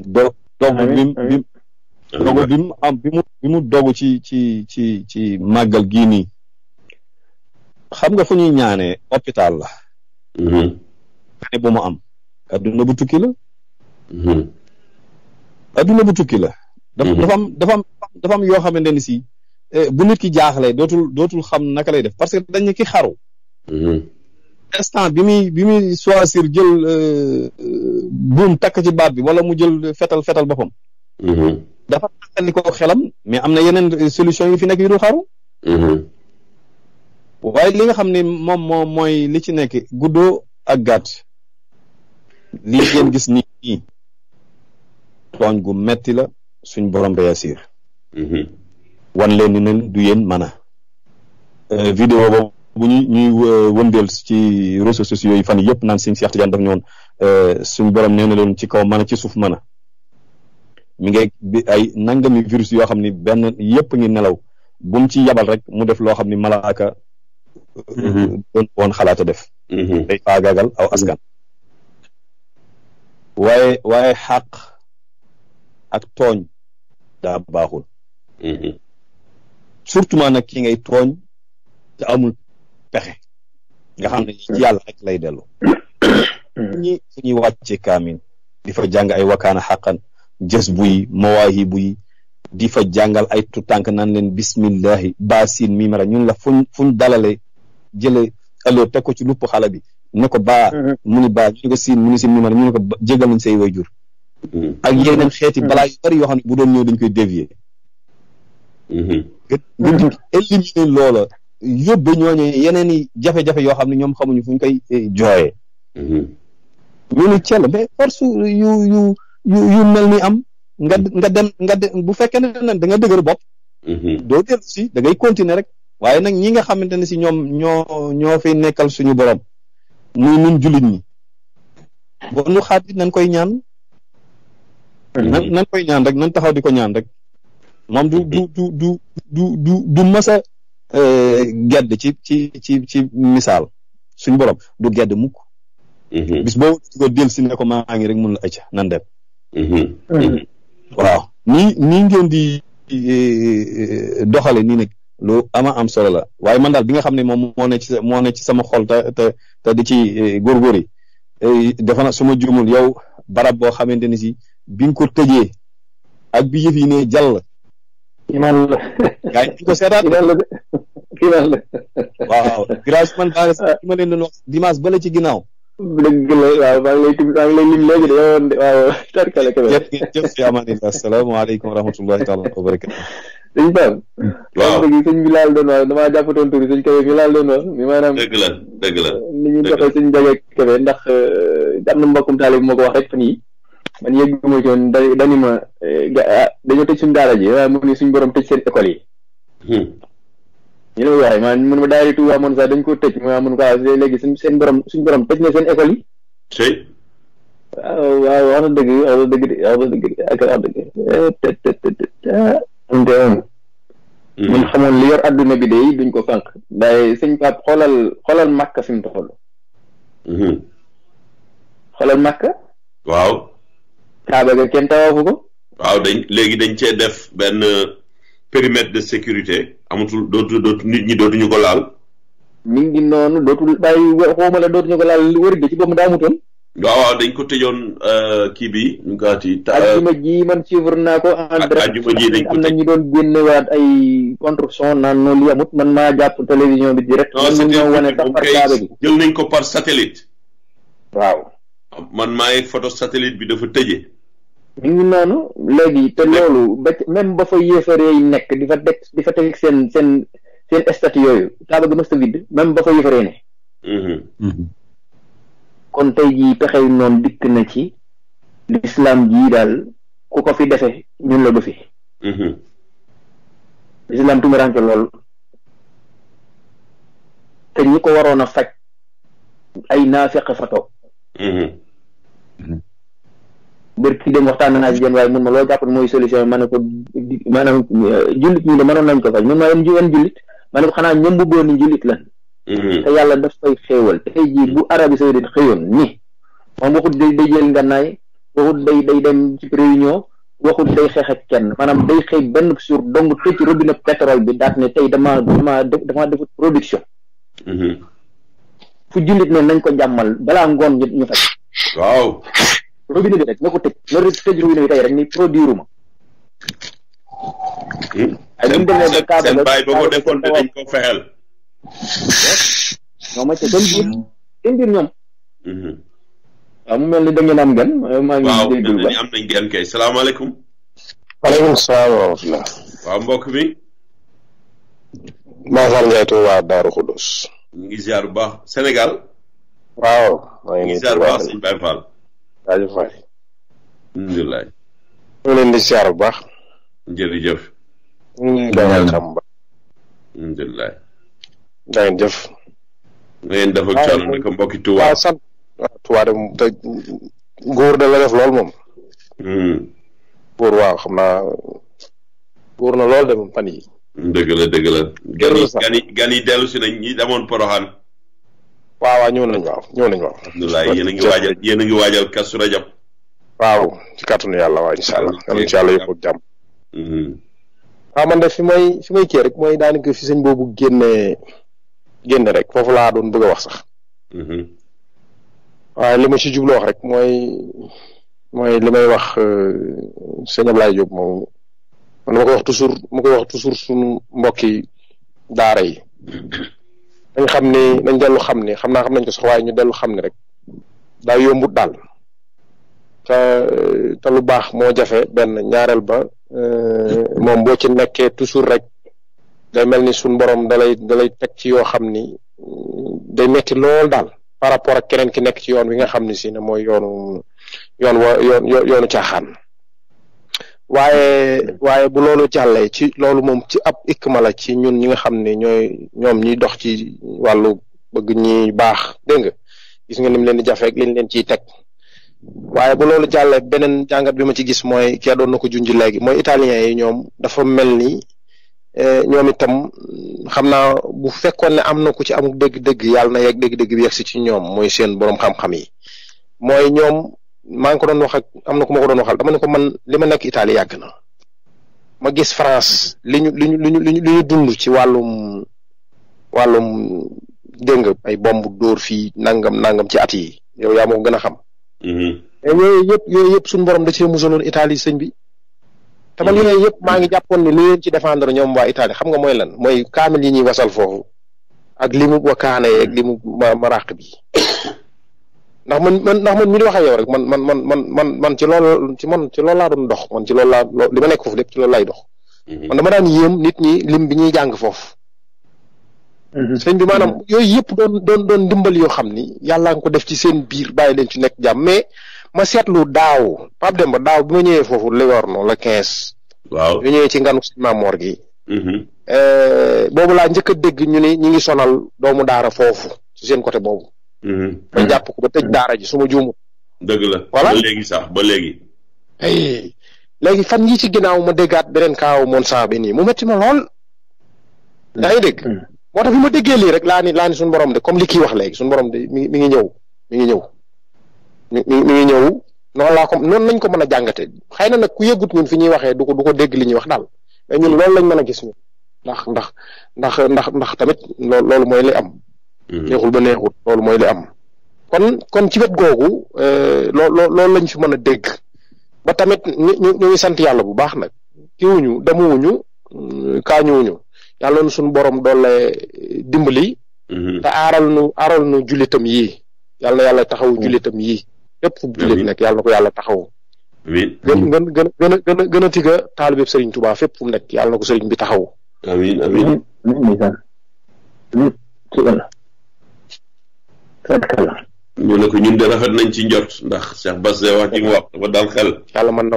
do dogu bi mu am bi mu bi mu dogu ci ci ci ci màggal gii nii. xam nga fu ñuy ñaanee hôpital la. Mm-hmm. bu mu am. adduna bu tukki la. Hmm. la. Hmm. dafa am dafa am dafa am yoo xamante ni si eh, bu nit ki jaaxlee dootul dootul xam naka lay def parce que dañ ki xaru. Hmm. instant bi muy bi muy choisir jël euh, euh, buum takk ci baat bi wala mu jël fetal fetal boppam. dafa tàqali ko xelam mais am na yeneen euh, solution yu fi nekk yu dul xaru. waaye li nga xam ne moom moom mooy li ci nekk guddoo ak gàtt. lii ngeen gis ni nii tooñ gu metti la suñ borom réussir mhm. wan leen ni nen du yéen mën a euh, vidéo boobu bu ñu ñuy euh, wëndeel ci réseaux sociaux yi fan yëpp naan sëñ Cheikh Tidiane daf ñëwoon euh, suñ borom nee na leen ci kaw mën a ci suuf mën a mi ngi bi ay nangami virus yoo xam ni benn yëpp ngi nelaw bum ci yabal rek mu def loo xam ni malaaka mhm. doon woon xalaata def mhm. day faagaagal aw askan waaye waaye xàq ak tooñ daa baaxul mm-hmm. surtout nag ki ngay tooñ amul pexe nga xam ne ci yàlla rek lay dellu mm-hmm. ñi fu ñuy wàcce kaamin di fa jàng ay wakaana xaqan jës buy mawaahibu yi di fa jàngal ay tutànk nan leen bismillahi baasin mimara ñun la fuñ fuñ dalale jële ëlloo teg ko ci lupp xale bi ne ko baa mm-hmm. mu ni baa ñu ne ko siin mu ni siin mu ne ko jégal nañ way wayjur mm-hmm. ak yeneen mm-hmm. xeeti balaa yu bari yoo xam ne bu doon ñëw dañ koy dévier nga di éliminer loola yóbbe yeneen i jafe-jafe yoo xam ne ñoom xamuñu fu ñu koy eh, jooyee loolu cell mais force yu yu yu mel ni am nga nga dem nga bu fekkee ne nag da nga dëgër bopp doo dellu si da ngay continuer rek waaye nag ñi nga xamante ne si ñoom ñoo ñoo fi nekkal suñu borom muy ñun julit ñi bon nu xaat nañ koy ñaan nan koy ñaan rek nan taxaw di ñaan rek mom du du du du du du massa masa euh, gedd ci ci ci ci misal suñ borom du gedd mukk mhm. bis boo ko del ci ne ko ma ngi rek mun la acca nan dem mhm. Mhm. waaw ni ni ngeen di euh, doxale ni lu ama am solo la waaye mandaal bi nga xam ne moom moo ne ci moo ne ci sama xol te di ci e, góorgóor yi e, defe na su ma juumul yow barab boo xamante ni si bi ko tëjee ak bi yëf yi ne jàll. iman la. yaa ngi ko seetaat iman la de iman la. man maa ngi ma leen doon wax dimanche ci ginnaaw. dëgg la waaw maa ngi lay maa ngi lay lim léegi de yow waaw tarkale. jërëjëf jërëjëf Amady asalaamaaleykum wa rahmatullahi taala wa barakatu. sëñ Pape. Hmm. waaw léegi sëñ bi doon waaye damaa jàpp tontu sëñ Kébé mi laal waaw mi maanaam. ndax euh, am mbokkum taalib moo ko wax rek da ma eh, ah, dañoo tëj suñu daara ji waaye borom tëj seen école yi. ñu ne waaye ma daari dañ koo tëj ah, ah, suñ seen borom suñ borom tëj na seen école yi. waaw wax na dëgg wax dëgg de wax na dëgg de ak wax dëgg ñu teewoon mm. mun xamoon adduna bi de duñ ko fànq day sëñ Pape xolal xoolal siñ fi mu toll mm-hmm. xoolal màkk waaw kaaba ga kenn tawaafu ko waaw dañ léegi dañ cee def benn périmètre de sécurité amatul dootu dootu nit ñi dootuñu ko laal mi ngi noonu dootul bàyyi xooma la dootuñu ko laal wër gi ci boppam daa amutoon waaw waaw dañ ko tëjoon euh, kii bi ñu ngi ko ati. Euh, ji man suivre naa ko. en direct ajjuma ji dañ ko tëj am na ñu doon génnewaat ay contre-son naan noonu li amut man maa jàpp télévision bi direct. non c' était wane sax jël nañ ko par satellite. waaw. man maa photo satellite bi dafa tëjee. mu ngi noonu léegi te loolu ba même ba fa yéefaree yi nekk di fa teg di fa seen seen seen statut yooyu kaaba gi mës a vide même ba fa yéefaree ne. Mm-hmm. Mm-hmm. kon tey jii pexey noon dikk na ci lislaam jii daal ku ko fi defe ñun la du fi mhm. lislaam tumuraanke lool te ñi ko waroon a faj ay naafeq fa toog mhm. bërki dem waxtaan naa si jën waaye mun ma loo jàpp mooy solution ma ne ko maanaam jullit ñi de mënoon nañ ko faj mun ma wan jullit ma ne ko xanaa ñoom bu góor ni Mm-hmm. te yàlla daf koy xéewal tey jii bu Arabie Saoudite xëyoon ni moom waxut day day jël ngànnaay waxut day day dem ci réunion waxut day xeex kenn maanaam day xëy benn suur dong tëj robinet pétrole bi daat ne tey dama dama dama defut production mm-hmm. fu jullit ne nañ ko jàmmal balaa ngoon ñu faj waaw robinet bi rek na ko tëj na tëj robinet bi tey ni produire mm-hmm. nga ma ca seen biir hmm. seen ñoom. waaw hmm. ah, mu mel ni da am gan. maa ngi dégg lu am nañ gan kay salaamaaleykum. waaleykum salaam wa rahmatulah. waaw mbokk mi. Makhtar Ndiaye Touba Darou Khoudoss. ñu ngi ziar bu baax Sénégal. waaw maa ngi baax sëñ Baye Fall. jaajëf waay. baax. ngi leen di ziar bu baax. alhamdulilah. da ngeen jëf. na ngeen def ak càmm naka mbokki Touba waaw sant waaw Touba de te góor da la def lool moom. góor waaw xam naa góor na lool de moom fan yi dëgg la dëgg la. gan yi gan yi gan nañ ñi demoon Poroxaan. waaw waaw ñëw nañ waaw ñëw nañ waaw. alhamdulilah yéen ngi waajal yéen ngi waajal Kazu Rajab. waaw ci kàttanu yàlla waaw incha allah yàlla incha allah yëpp jam, jàmm. waaw man de fi may fi may kii rek mooy daanaka fi sëñ boobu génnee. Eh. génne rek foofu laa doon bëgg wax sax. Mm-hmm. waaye li ma ci jublu wax rek mooy mooy li may wax euh, sëñ Ablaye Diop moom man ma koy wax toujours ma koy wax toujours suñu mbokki daara yi. dañ *coughs* xam ni nañ dellu xam ni xam naa xam nañ ko sax waaye ñu dellu xam ni rek daa yombut daal te te lu baax moo jafe benn ñaareel ba euh, moom boo ci nekkee toujours rek. day melni sun borom dalay dalay tek ci yo xamni day metti lol dal par rapport ak keneen ki nekk ci yoon wi nga xamni ni si ne mooy yoonu yoon wa yoon yoonu caaxaan waaye waaye bu loolu jàllee ci loolu moom ci ab ikma la ci ñun ñi nga xam ne ñooy ñoom ñuy dox ci wàllu bëgg ñi baax dégg nga gis nga nim leen di jafeeg liñ leen ciy teg waaye bu loolu jàllee beneen jàngat bi ma ci gis mooy kee doon na ko junj léegi mooy italien yi ñoom dafa mel ni Eh, ñoom itam xam naa bu fekkoon ne am na ku ci am dégg-dégg yàlla na yegg dégg-dégg bi yegg si ci ñoom mooy seen boroom xam-xam yi mooy ñoom maa ngi ko doon wax ak am na ku ma doon waxal dama ne ko man li ma nekk Italie yàgg na ma gis France liñu ñu li liñu li ñu dund ci wàllum wàllum dégg nga ay bomb dóor fii nangam nangam ci at yi yow yaa ma gën a xam. Mm-hmm. mais yooyu yëpp yooyu yëpp suñu borom da cee musaloon Italie sëñ bi. te man yooyu yëpp maa ngi jàppoon ni li leen ci défendre ñoom waa Italie xam nga mooy lan mooy kaamil yi ñuy wasal foofu ak li mu wakaana yi ak maraq bi man man ndax man mi di wax ak yow man man man man man man ci loolu ci man ci loolu laa doon dox man ci loolu laa nekk foofu lépp ci loolu laay dox. Mhm. man dama daan yéem nit ñi lim bi ñuy jàng foofu. Mhm. sëñ bi maanaam yooyu yëpp doon doon doon yoo xam ni yàlla nga ko def ci seen biir bàyyi leen ci nekk jàmm mais. ma seetlu daaw dem ba daaw bi ma ñëwee foofu Livorno le quinze. waaw bi ñëwee ci nganu suñu mor gi. Mm-hmm. Eh, boobu laa njëkk a dégg ñu ne ñi ngi sonal doomu daara foofu ci seen côté boobu. ba mm-hmm. jàpp ko ba tëj daara ji suma ma dëgg la voilà ba léegi sax ba léegi. ay eh, léegi fan yi ci ginnaaw ma déggaat beneen kaaw mon Monsa bi nii mu metti ma lool. Mm. yaa ngi dégg. Mm. moo tax bi ma déggee lii rek laa ni laa ni suñu borom de comme li kii wax léegi suñu borom de mi ngi ñëw mi ngi ñëw. mi mi ngi ñëw noonu laa ko noonu lañ ko mën a jàngate xëy na nag ku yëgut ñun fi ñuy waxee du ko du ko dégg li ñuy wax daal mais lañ mën a gis ñun ndax ndax ndax ndax tamit loolu mooy am. Hmm. neexul ba neexul loolu mooy li am. kon kon ci wet googu euh, loo loolu lañ fi mën a dégg ba tamit ñu ñu sant yàlla bu baax nag kiwuñu demuwuñu euh, kaañuwuñu yàlla na suñu borom doole dimbali. Hmm. te aaral nu aaral nu jullitam yii yàlla na yàlla taxawu hmm. jullitam yii. képp fu jullit yàlla ko yàlla taxawu amiin gën gën gën a gën a gën fépp fu mu nekk yàlla na ko bi taxawu amiin amiin ñu ne ko ñun ci njort ndax Cheikh Bass de wax ci mu wax dafa dal xel yàlla mën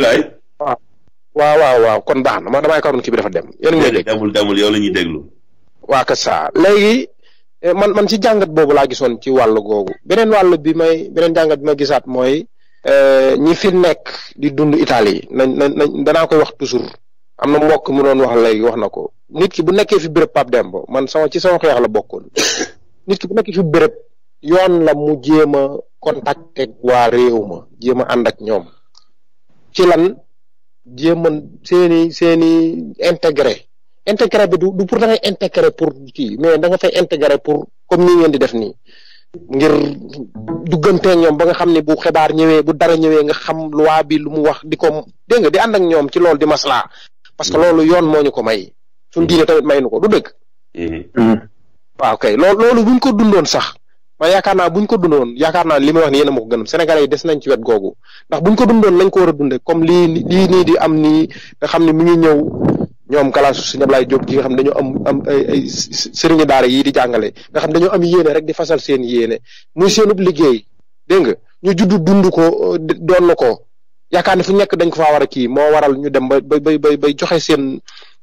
na waaw waaw kon baax na ma damay karoon kii bi dafa dem yéen ngi lay dégg demul demul yow la ñuy déglu léegi Eh, man man ci jàngat boobu laa gisoon ci wàll googu beneen wàll bi may beneen jàngat bi ma gisaat mooy eh, ñi fi nekk di dund Italie na nañ danaa koy wax toujours am na mbokk mu doon wax léegi wax na ko nit ki bu nekkee fi béréb Pape Demba man sama ci sama xeex la bokkoon *coughs* nit ki bu nekkee fi béréb yoon la mu jéem a contacter waa réew ma jéem a ànd ak ñoom ci lan jéem seeni seeni intégré intégrer bi du du pour da ngay intégrer pour ki mais da nga fay intégrer pour comme ni ngeen di def ni ngir duggantee ñom ba nga xamni bu xébar ñëwé bu dara ñëwé nga xam loi bi lu mu wax di ko dégg nga di and ak ñom ci lool di masla parce que loolu yoon moñu ko may suñ diiné tamit may nu ko du dëgg mm-hmm. wa kay lool loolu buñ ko dundoon sax man yaakaar naa buñ ko dundoon yaakaar naa li wax ni yéen ma ko gënam sénégalais yi des nañ ci wet googu ndax buñ ko dundoon lañ ko war a dunde comme lii lii nii di am nii nga xam ngi ñëw ñoom kalaasu Sëñ Ablaye Diop gi nga xam dañoo am am ay ay sëriñu daara yii di jàngale nga xam dañoo am yéene rek di fasal seen yéene muy seenub liggéey dégg nga ñu juddu dund ko doon na ko yaakaar ne fu nekk dañ ko faa war a kii moo waral ñu dem ba ba bay bay joxe seen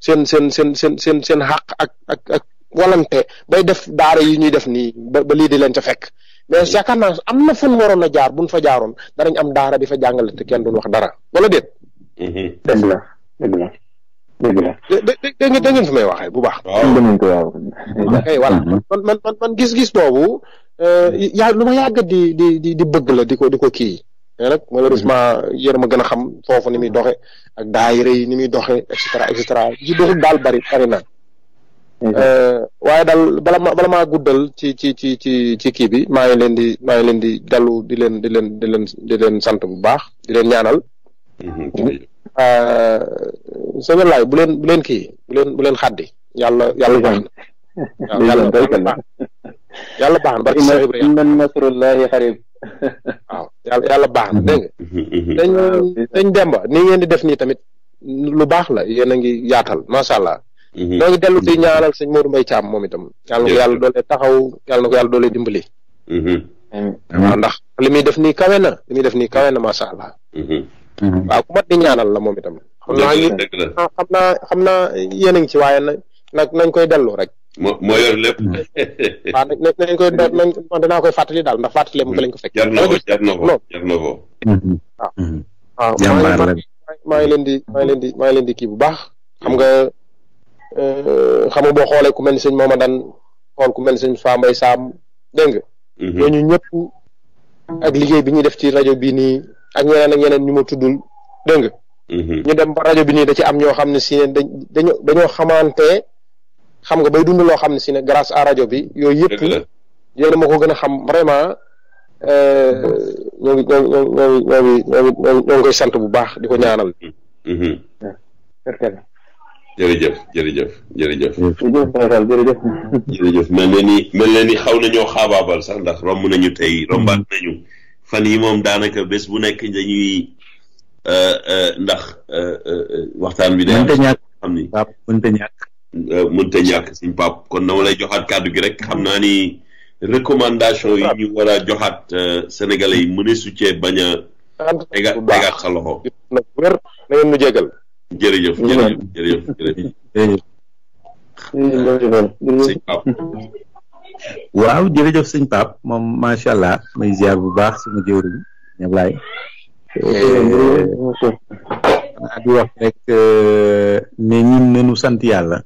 seen seen seen seen seen seen xàq ak ak ak walante def daara yi ñuy def nii ba ba lii di leen ca fekk mais yaakaar naa am na fun waroon a jaar buñ fa jaaroon danañ am daara di fa jàngale te kenn duñ wax dara wala déet. Mhm. dëgg la dëgg la. dëgg la dégg nga ngeen fi may waxee bu baax. waaw voilà mm-hmm. man ma man man gis-gis boobu euh, yaa lu ma yàgg di di di di bëgg la di ko di ko kii. mais nag malheureusement yéen ma gën a xam foofu ni muy doxe ak daayira yi ni muy doxe et cetera et daal bari bari na. Mm-hmm. Euh, waaye daal bala ma bala guddal ci ci ci ci ci kii bi maa ngi leen di maa ngi leen di dellu di leen di leen di leen di leen sant bu baax di leen ñaanal. Mm-hmm. Euh, sëñ Laay bu leen bu kii leen bu leen xaddi yàlla yàlla baax na yàlla baax na yàlla baax na barke Cheikh Ibrahima man nasrullahi yàlla baax na dégg mm-hmm, mm-hmm. dañ dañ demba ni ngeen di def nii tamit lu baax la yéen a ngi yaatal macha allah. Mm-hmm. noo ngi dellu di ñaanal sëñ Modou Mbaye Thiam moom itam yàlla na yàlla taxaw yàlla na ko dimbali waaw ndax li muy def nii kawe na li muy def nii kawe na macha Mhm. waaw ku mat ñaanal la moom itam. xam naa ah, xam naa xam naa yéen a ngi ci waaye nag nañ koy delloo rek. moo moo yor lépp. Mhm. *laughs* nañ koy nañ danaa koy fàttali daal ndax fàttali mu fa lañ ko fekk. jar na ko jar na ko jar na ko. waaw mhm. ah. ah, waaw maa ngi leen di maa di maa leen di kii bu baax. xam nga euh, xam nga boo xoolee ku mel ni sëñ Momadane xool ku mel ni sëñ Fambaye Samb dégg nga. ñooñu ak liggéey bi ñuy def ci rajo bii nii. ak ñeneen ak ñeneen ñu ma tuddul dégg nga mm-hmm. ñu dem ba rajo bi nii da ci am ñoo xam ne si ne dañ dañoo dañoo xamante xam nga bay dund loo xam ne si ne grâce à bi yooyu yëpp yéen ma ko gën a xam vraiment euh, mm-hmm. ñoo ngi ñoo ñoo ñoo sant bu baax di ko ñaanal mm-hmm. jërëjëf jërëjëf jërëjëf jërëjëf jërëjëf mel na ni xaw na ñoo xaabaabal sax ndax romb nañu tey rombaat nañu fan yi moom daanaka bés bu nekk dañuy euh, euh, ndax euh, waxtaan bi. mënta ñàkk xam ni Pape mënta ñàkk. mënta ñàkk suñ kon dama lay joxaat kàddu gi rek xam naa ni recommandation yi ñu war a joxaat sénégalais yi mën a succee bañ a. tega tegaat sa na ngeen ñu jégal. jërëjëf jërëjëf jërëjëf jërëjëf. sëñ Pape. Wow, jërëjëf sëñ sing moom macha allah may ziar bu baax sama jëwriñ ñëpp laay eh, di wax rek eh, ne ñun nenu sant yàlla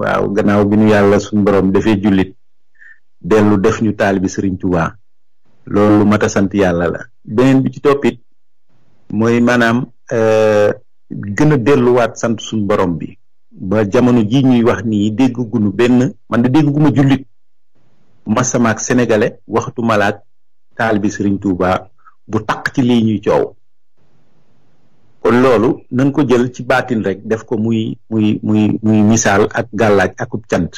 waaw gannaaw bi ñu yàlla suñu borom dafee jullit dellu def ñu taalibi sëriñ Tuubaa loolu mat a sant yàlla la beneen bi ci toppit mooy maanaam eh, gën a delluwaat sant borom bi ba jamono ji ñuy wax nii dégg gunu benn man de dégg guma masamaak sénégalais waxtu malaak taal bi sëriñ Touba bu taq ci lii ñuy coow kon loolu nañ ko jël ci baatin rek def ko muy muy muy muy ak gàllaaj akub cant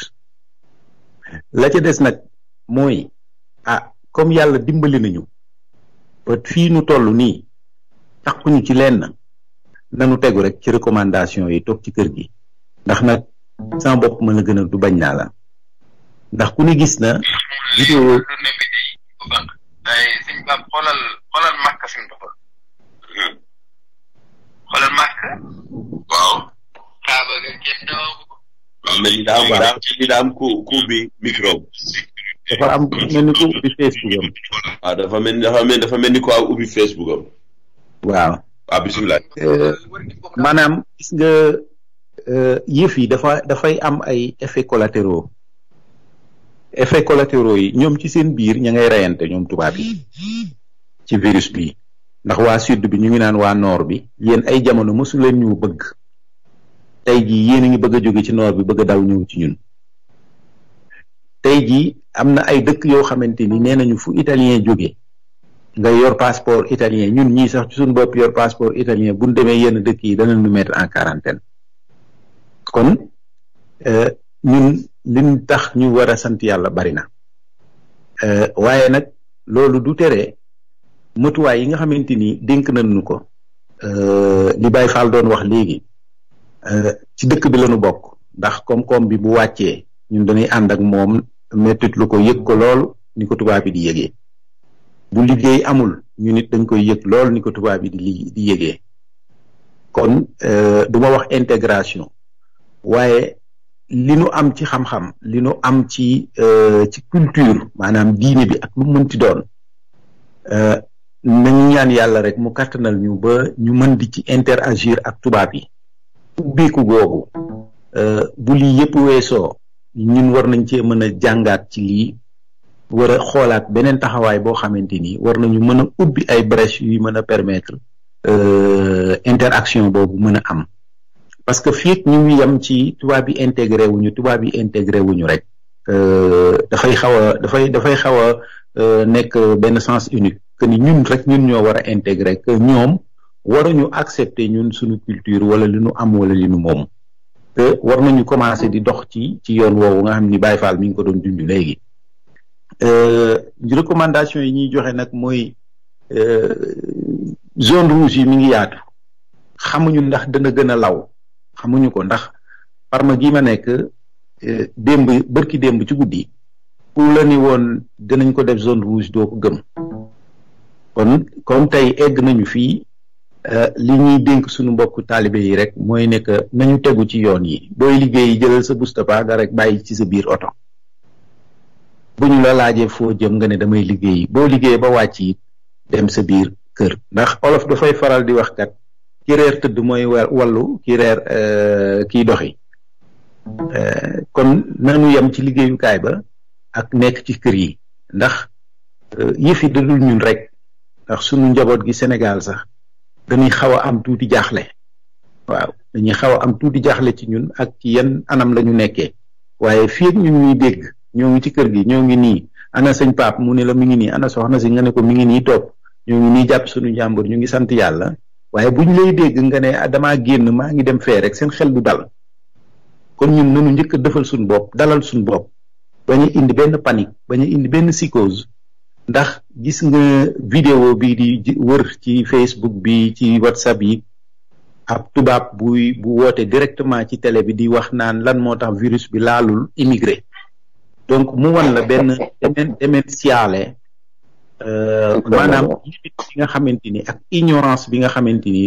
la ca des nag mooy a ah, comme yàlla dimbali nañu ba fii nu toll nii taquñu ci lenn nanu tegu rek ci recommandation yi toog ci kër gi ndax nag sama bopp mën a gën a du bañ naa la ndax ku ni gis na. vidéo daa am daa am ku ku bi dafa am mel ni ku ubbi Facebook am. dafa mel ni dafa mel dafa mel ku ubbi Facebook am. waaw. waaw bisimilah. Eh, maanaam gis nga eh, yëf yi dafa dafay am ay effets collatéraux. effets collatéraux yi ñoom ci seen biir ña ngay reyante ñoom tubaab yi ci virus bi ndax waa sud bi ñu ngi naan waa noor bi yéen ay jamono mosu leen ñu bëgg tey jii yéen a ngi bëgg a jóge ci noor bi bëgg a daw ñëw ci ñun tey jii am na ay dëkk yoo xamante ni nee nañu fu italien jóge nga yor passeport italien ñun ñii sax ci suñu bopp yor passeport italien bu ñu demee yenn dëkk yi dana ñu mettre en quarantaine kon euh, ñun liñ tax ñu war sant yàlla bari na euh, waaye nag loolu du tere matuwaay yi nga xamante ni dénk nañu ko euh, li bay Fall doon wax léegi euh, ci dëkk bi lañu bokk ndax koom-koom bi bu wàccee ñun dañuy ànd ak moom mettit ko yëg ko lool ni ko tubaab bi di yëgee bu liggéey amul ñu nit dañ koy yëg lool ni ko tubaab yi di di yëgee kon du ma wax intégration waaye li nu am ci xam-xam li nu am ci euh, ci culture maanaam diine bi ak lu mënti doon euh, nañu ñaan yàlla rek mu kàttanal ñu ba ñu mën di ci interagir ak tubaab yi ubbeeku googu euh, bu lii yëpp weesoo ñun war nañ cee mën a jàngaat ci lii war a xoolaat beneen taxawaay boo xamante ni war nañu mën a ubbi ay brèche yuy mën a permettre interaction boobu mën a am parce que fii ñu ngi yem ci tubaab yi intégré wuñu tubaab yi intégré wuñu rek euh, dafay xaw a dafay dafay xaw a euh, nekk benn sens unique que ni ñun rek ñun ñoo war a intégré que ñoom waruñu accepter ñun suñu culture wala li ñu am wala li ñu moom te war ñu commencé di dox ci ci yoon woowu nga xam ni Baye Fall mi ngi ko doon dund léegi euh, recommandation yi ñuy joxe nag mooy zone rouge yi mi ngi yaatu xamuñu ndax dana gën a law xamuñu ko ndax Parma gi ma nekk eh, démb bërki démb ci guddi ku la ni woon dinañ ko def zone rouge doo ko gëm kon comme tey egg nañu fii eh, li ñuy dénk suñu mbokk taalibe yi rek mooy ne nañu tegu ci yoon yi booy liggéey jëlal sa Moustapha nga rek bàyyi ci sa biir oto buñu ñu la laajee foo jëm nga ne damay liggéey boo liggéey ba wàcc it dem sa biir kër ndax olof dafay faral di wax kat ki reer tëdd mooy wallu ki reer euh, kiy doxi euh, kon nanu yam ci liggéeyukaay ba ak nekk ci kër yi ndax euh, yëfi dadul ñun rek ndax sunu njaboot gi Sénégal sax dañuy xaw a am tuuti jaaxle waaw dañuy xaw am tuuti jaaxle ci ñun ak ci yan anam lañu nekkee waaye fii ñun ñuy dégg ñoo ngi ci kër gi ñoo ngi nii ana sëñ pap mu ne la mi ngi nii ana soxna si nga ne ko mi ngi nii toog ñoo ngi nii jàpp sunu ñu ngi sant yàlla waye buñ lay dégg nga né ah, damaa génn maa ngi dem fee rek seen xel du dal kon ñun nanu njëkk defal suñ bopp dalal suñ bopp bañu indi benn panique bañu indi benn psychose ndax gis nga vidéo bi di wër ci facebook bi ci whatsapp yi ab tubaab bu bu woote directement ci télé bi di wax naan lan moo tax virus bi laalul immigré donc mu wan la benn demen demen Euh, maanaam limite bi nga xamante ni ak ignorance bi nga xamante ni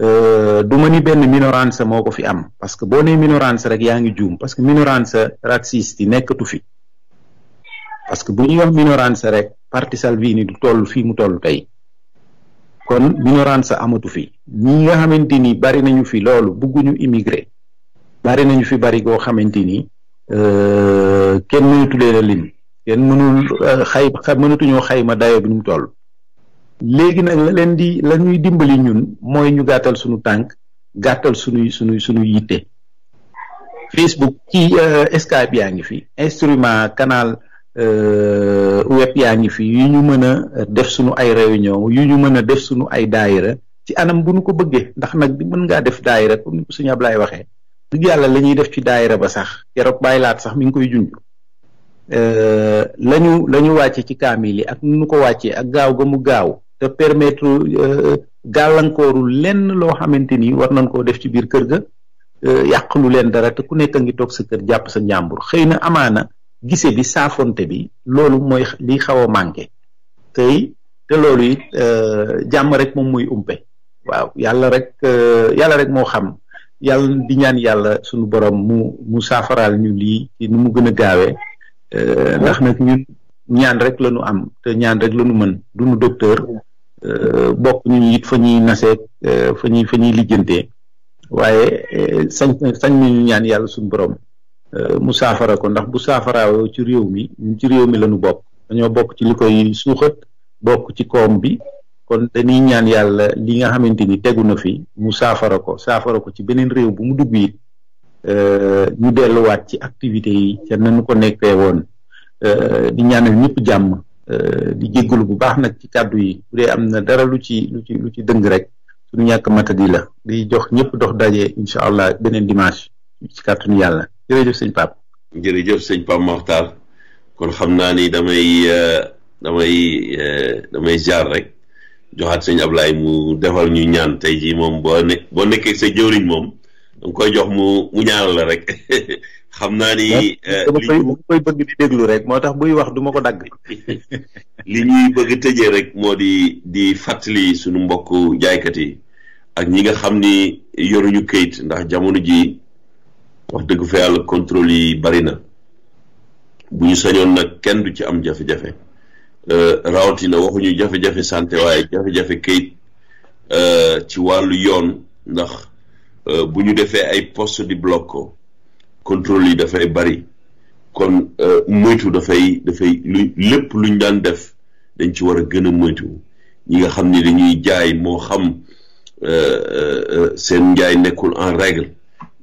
euh, du ma ni benn minorance moo ko fi am parce que boo nee minorance rek yaa ngi juum parce que minorance raciste yi nekkatu fi parce que bu ñuy wax minorance rek parti Salvini du toll fii mu toll tey kon minorance amatu fi ñi nga xamante ni bari nañu fi loolu bëgguñu immigré bari nañu fi bari goo xamante ni euh, kenn mënatu leen a lim yen mënul ñoo euh, mënatuñoo ma dayo bi ñu toll légui nak la leen di la ñuy dimbali ñun sunu ñu gattal suñu tank sunu suñu suñu suñu facebook ki euh, skype yaa ngi fi instrument canal euh, web yaa ngi fi yu ñu mëna def suñu ay réunion yu ñu mëna def suñu ay daayira ci anam bu ñu ko bëggee ndax nak di mën nga def daayira comme ni ko suñu ablaay waxee dëgg yalla lañuy def ci daayira ba sax keroog bàyyi laat sax mi ngi koy Eh, lañu lañu wàcce ci kaamil yi ak nu ko wàccee ak gaaw ga mu gaaw te permettre eh, gàllankooru lenn loo xamante ni war nañ koo def ci biir kër ga eh, yàq lu leen dara te ku nekk ngi toog sa kër jàpp sa njàmbur xëy na amaana gise bi saafonte bi loolu mooy li xaw a manqué tey te loolu it jàmm rek moom muy umpe waaw yàlla rek yàlla rek moo xam yàlla di ñaan yàlla sunu borom mu mu saafaraal ñu lii ci mu gën a Euh, ndax nag ñun ñaan rek la ñu am te ñaan rek la ñu mën du ñu docteur euh, bokk ñu it fa ñuy naseeg euh, fa ñuy fa ñuy lijjantee waaye sañ sañ nañu ñaan yàlla suñ borom mu saafara ko ndax bu saafaraawoo ci réew mi ci réew mi la bokk dañoo bokk ci li koy suuxat bokk ci koom bi kon dañuy ñaan yàlla li nga xamante ni tegu na fi mu saafara ko saafara ko ci beneen réew bu mu dugg it Euh, ñu delluwaat ci activités yi ca nañu ko nekkee woon euh, di ñaanal ñëpp jàmm euh, di jéggalu bu baax nag ci kàddu yi bu dee am na dara lu ci lu ci lu ci dëng rek suñu ñàkk matadi la di jox ñëpp dox daje incha allah beneen dimanche ci kàttanu yàlla jërëjëf sëñ Pape. jërëjëf sëñ Pape Mortar kon xam naa ni damay damay damay jaar rek joxaat sëñ Ablaye mu defal ñu ñaan tey jii moom boo boo nekkee sa jëwriñ moom. da koy jox mu ñaarala rek *laughs* xam naa ni. dama euh, déglu rek moo tax buy wax du ko dagg. *laughs* li ñuy bëgg tëjee rek moo di di fàttali suñu mbokk jaaykat yi ak ñi nga xam ni yoruñu këyit ndax jamono ji wax dëgg fa yàlla contrôle yi bari na bu ñu sañoon nag kenn du ci am jafe-jafe euh, rawatina waxuñu jafe-jafe santé waaye jafe-jafe këyit euh, ci wàllu yoon ndax. Euh, bu ñu defee ay poste di bloco contrôle yi dafay bari kon euh, moytu dafay dafay lu lépp luñ daan def dañ ci war a gën a moytu ñi nga xam ni dañuy jaay moo xam euh, seen njaay nekkul en règle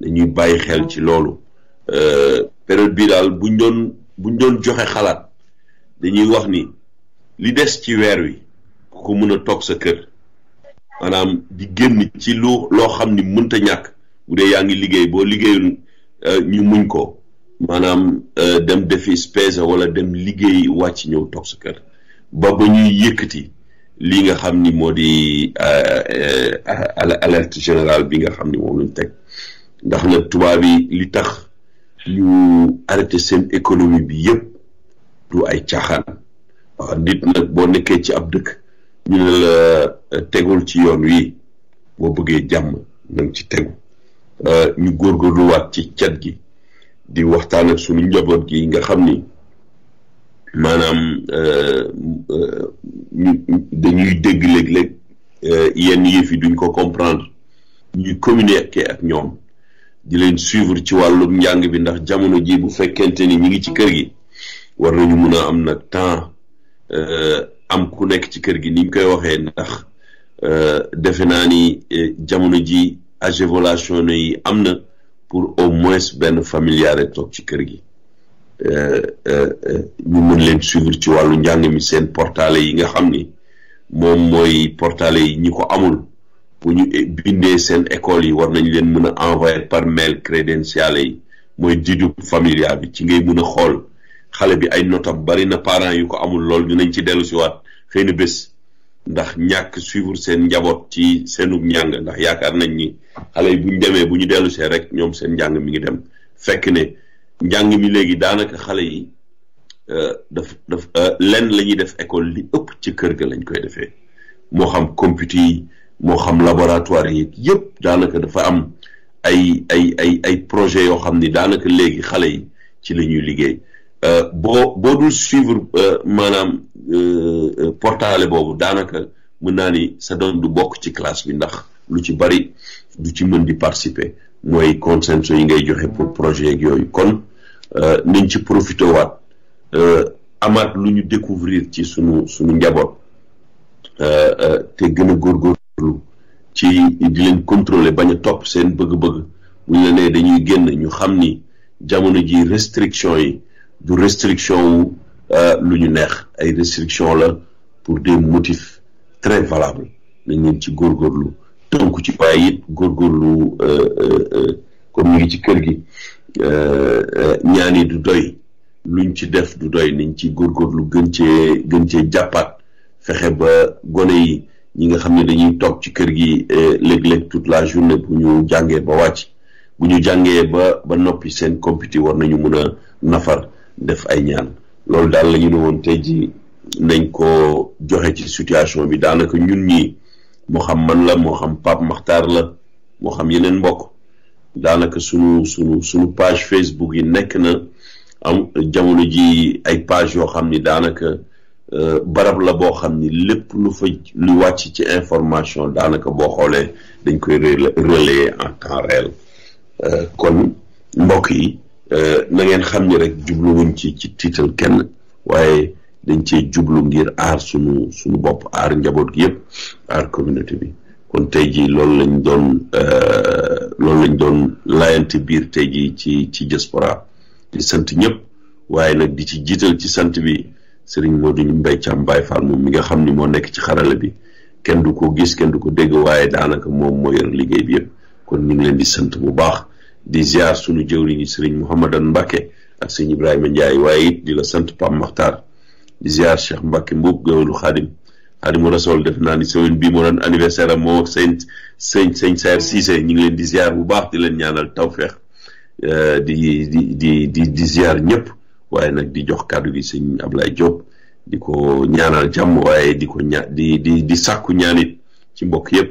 dañuy bàyyi xel ci loolu période bi daal buñ doon buñ doon joxe xalaat dañuy wax ni li des ci weer wi ku ko mën a toog sa kër maanaam di génn ci lu loo xam ni mënta ñàkk bu dee yaa ngi liggéey boo liggéeyul euh, ñu muñ ko maanaam euh, dem defi spesa wala dem liggéey wàcc ñëw toog sa kër ba ba ñuy yëkkati lii nga xam ni moo di euh, alerte général bi nga xam ni moom lañ teg ndax nag tubaab yi li tax ñu arrêté seen économie bi yëpp du ay caaxaan nit nag boo nekkee ci ab dëkk ñu ne la euh, tegul ci yoon wi boo bëggee jàmm na ci tegu euh, ñu lu góorgóorluwaat ci cet gi di waxtaan ak suñu njaboot gi nga xam ni maanaam euh, ñu dañuy dégg léeg-léeg yenn yëf fi duñ ko comprendre ñu communiquer ak ñoom di leen suivre ci wàllu njàng bi ndax jamono ji bu fekkente ni ñi ngi ci kër gi war nañu mun a am nag temps am ku nekk ci kër gi ni ñu koy waxee ndax euh, defe naa ni euh, jamono ji agévolation yi am na pour au moins benn familiare toog ci kër gi euh, ñu mën leen suivre ci wàllu njàng mi seen portail yi nga xam ni moom mooy portail yi ñu ko amul bu ñu bindee seen école yi war nañ leen mën a envoyer par mail crédential yi mooy didub familia bi ci ngay mën a xool xale bi ay notam bari na parents yu ko amul lool dinañ ci dellu si waat xëy na bés ndax ñàkk suivre seen njaboot ci seenu njàng ndax yaakaar nañ ni xale yi bu ñu demee bu ñu dellusee rek ñoom seen njàng mi ngi dem fekk ne njàng mi léegi daanaka xale yi euh, daf daf euh, lenn la ñuy def école li ëpp ci kër ga lañ koy defee moo xam computer yi moo xam laboratoire yi yëpp daanaka dafa am ay ay ay ay projet yoo xam ni daanaka léegi xale yi ci la ñuy liggéey Euh, boo boo dul suivre euh, maanaam euh, portale boobu daanaka mën naa ni sa doom du bokk ci classe bi ndax lu ci bari du ci mën di participer mooy consensus yi ngay joxe pour projet yeeg yooyu kon nañ ci profité waat amaat lu ñu découvrir ci sunu suñu njaboot te gën a góorgóorlu ci di leen contrôler bañ topp seen bëgg-bëgg bu la nee dañuy génn ñu xam ni jamono ji restriction yi du restriction wu euh, lu ñu neex ay restriction la pour des motifs très valables ñu leen ci góor góorgóorlu tënku ci góor it góorgóorlu euh, euh, comme ñu ngi ci kër gi ñaan yi du doy luñ ci def du doy nañ ci lu gën cee gën cee jàppaat fexe ba gone yi ñi nga xam ne dañuy toog ci kër gi léeg-léeg toute la journée bu ñu jàngee ba wàcc bu ñu jàngee ba ba noppi seen compiti war nañu mun a nafar def ay ñaan loolu daal la ne woon tey ji nañ koo joxe ci situation bi daanaka ñun nii moo xam man la moo xam Pape Makhtar la moo xam yeneen mbokk daanaka sunu sunu sunu page Facebook yi nekk na am jamono ji ay page yoo xam ni daanaka euh, barab la boo xam ni lépp lu fa lu wàcc ci information daanaka boo xoolee dañ koy relayer en temps réel euh, kon mbokk yi Euh, na ngeen xam ni rek jubluwuñ ci ci tiital kenn waaye dañ ci jublu ngir aar sunu bopp aar njaboot gi yëpp aar communauté bi kon tey jii loolu lañ doon euh, loolu lañ doon laayante biir tey jii ci ci diaspora di sant ñëpp waaye nag di ci jiital ci sant bi Serigne Modou Mbaye Thiam Baye Fall moom mi nga xam ni moo nekk ci xarala bi kenn du ko gis kenn du ko dégg waaye daanaka moom moo yor liggéey bi yëpp kon ñu ngi leen di sant bu baax di ziar sunu jëwriñ yi sëriñ Mouhamadan mbake ak sëñ Ibrahima Ndiaye waaye it di la sant Pam Maxtaar di ziar Cheikh Mbacke Mbuub gëwëlu xaadim xaadimu rasool def naa ni semaine bii moo doon anniversaire moo sëñ sëñ sëñ Saer Cissé ñu ngi leen di ziar bu baax di leen ñaanal tawféex euh, di di di di di ziar ñëpp waaye nag di jox kàddu gi sëñ Ablaye Diop di ko ñaanal jàmm waaye di ko ña di di di sàkku ñaanit ci mbokk yëpp.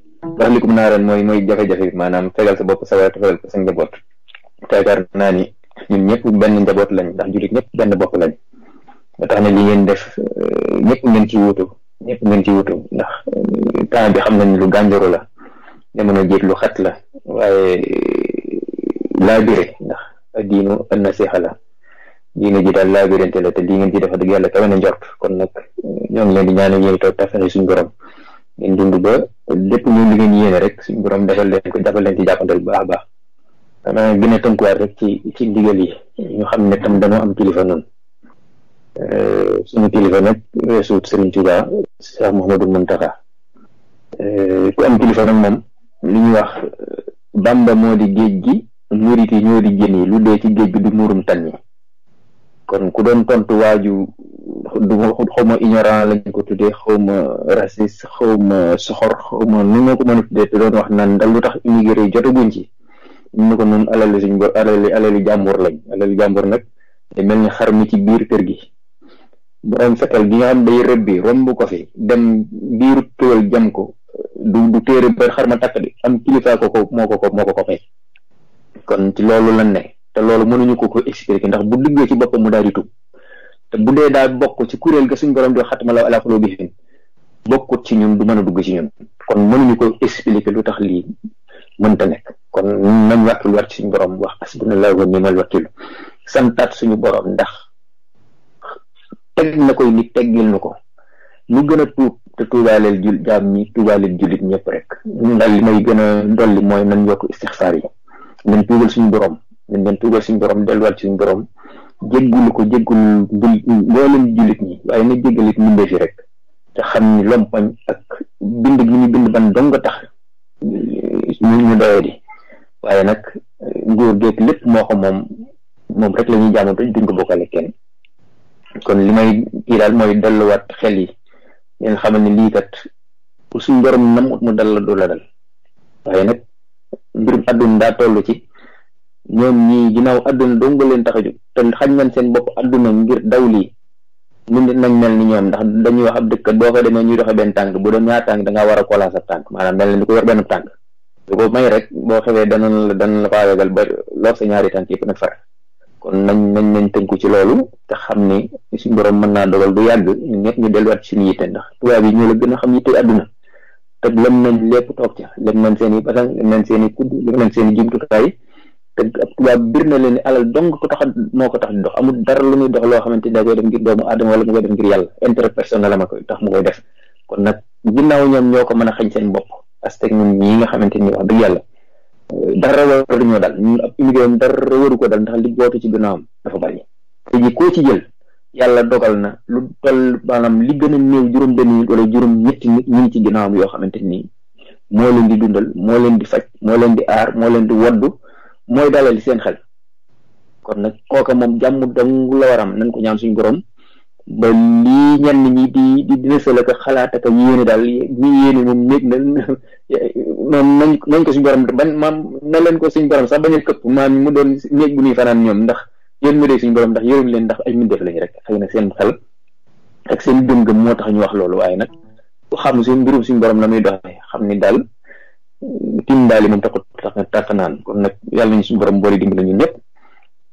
baxlikum naaraan mooy mooy jafe-jafe bi fegal sa bopp sawara te fegal ko sa njaboot te yaakaar naa ni ñun ñëpp benn njaboot lañ ndax jullit benn bopp na li ngeen def euh, ñëpp ngeen ci wutu ñëpp ci wuutu ndax euh, temps xam nañ lu gànjaru la jamono jiit lu xat la waaye euh, laabire ndax na nasiixa la diine ji daal laabirante la te lii ngeen ci def dëgg yàlla kawe na njort kon nag ñoo ngi leen di ñaanal yéen toog tafexe suñ borom ngeen dund ba lépp moom li ngeen yéene rek suñu borom defal leen ko defal leen ci jàppandal bu baax a baax danaa gën a tënkuwaat rek ci ci ndigal yi ñu xam ne tam dañoo am kilifa noonu euh, suñu kilifa nag weesuut Serigne Touba Cheikh Mouhamadou Mountakha euh, ku am kilifa nag moom li ñuy wax Bamba moo di géej gi murit yi ñoo di jën yi lu dee ci géej gi du muurum tan yi kon ku doon tontu waju du xawma ignorant lañ ko tudde xawma raciste xawma soxor xawma ni ma ko mën a tuddee te doon wax naan ndax lu tax immigré yi ci ñu ko noonu alali suñ bo alali alali jàmbur lañ alali jàmbur nag te mel ni xar mi ci biir kër gi borom fetal bi nga xam day rëb bi romb ko fi dem biir tuwal jam ko du du téere ba xar ma takk di am kilifa ko ko moo ko ko moo ko ko fay kon ci loolu lan ne te loolu mënuñu ko ko expliquer ndax bu duggee ci boppam mu daal di tub te bu dee daal bokk ci kuréel ga suñ borom di xatma la alaa quluubihim bokkut ci ñun du mën a dugg ci ñun kon mënuñu ko expliquer lu tax lii mënta nekk kon nañ wàkkil war ci suñu borom wax asbunallaahu wa ni'mal wakiil santaat suñu borom ndax teg na koy nit teggil nu ko lu gën a tuub te tuubaaleel jul jaam ñi tuubaaleel jullit ñëpp rek ndax li may gën a dolli mooy nañ yokk istixsaar yi nañ tuubal suñu borom dañ leen tuubal suñ borom delluwaat suñ borom jéggul ko jéggul mbul mboolem jullit ñi waaye na jéggalit mbindee fi rek te xam ni lompoñ ak bind gi ñu bind ban dong nga tax ñu ñu waaye nag nguur géeg lépp moo ko moom rek la ñuy jaamu duñ ko bokkale kenn kon li may kii daal mooy delluwaat xel yi leen xamal ni lii kat suñ borom nam ut mu dal la du la waaye nag mbirum àdduna daa toll ci ñoom ñii ginnaaw àdduna dong nga leen tax a jóg te xañ nañ seen bopp àdduna ngir daw lii ñun nit nañ mel ni ñoom ndax dañuy wax ab dëkk boo fa demee ñuy doxe benn tànk bu doon ñaar tànk da ngaa war ko yor benn tànk lu ko may rek boo xewee danañ la danañ la faaweegal ba ñaari tànk yëpp nag far kon nañ nañ nañ tënku ci loolu te xam ni suñu borom mën naa dogal du yàgg ñun ñëpp ñu delluwaat suñu yitte ndax tubaab yi ñoo la gën a xam yitte àdduna te lem nañ lépp toog ca lem nañ seen i basang lem nañ seen i kudd lem nañ seen i jumtukaay te a tubaab na leen ni alal dong ko tax moo ko tax di dox amul dara lu muy dox loo xamante ni da koy def ngir doomu aadama wala mu koy def ngir yàlla intérêt personnel koy tax mu koy def ñoo ko mën a xañ seen bopp asteg ñun nga xamante ni wax dëgg yàlla euh, dara waruñoo dal ñun ab liggéeyam dara waru ko dal ndax li ci ginnaawam dafa bari te ji koo ci jël yàlla dogal na lu toll maanaam li gën a néew juróom benn wala juróom ñetti nit ñu ci ginnaawam yoo xamante nii moo leen di dundal moo leen di faj moo leen di aar moo leen di woddu moy dalal seen xel kon nak koka mom jàmm dong la waram nan ko ñaan suñu borom ba li ñen ñi di di dina sel ko xalaat ak yene dal ñi yene moom nek na moom nañ ko suñu borom ban maam na leen ko suñu borom sax bañu kepp maam mu doon néeg bu ñuy fanan ñom ndax yeen mu de suñu borom ndax yërëm leen ndax ay min def lañu rek xëy na seen xel ak seen dëng mo tax ñu wax loolu way nak xamu seen mbirum suñu borom la muy doxee xam ni timbaale moom taxut tax na tàq naan kon nag yàlla nañu suñu borom boole dimbali ñun ñëpp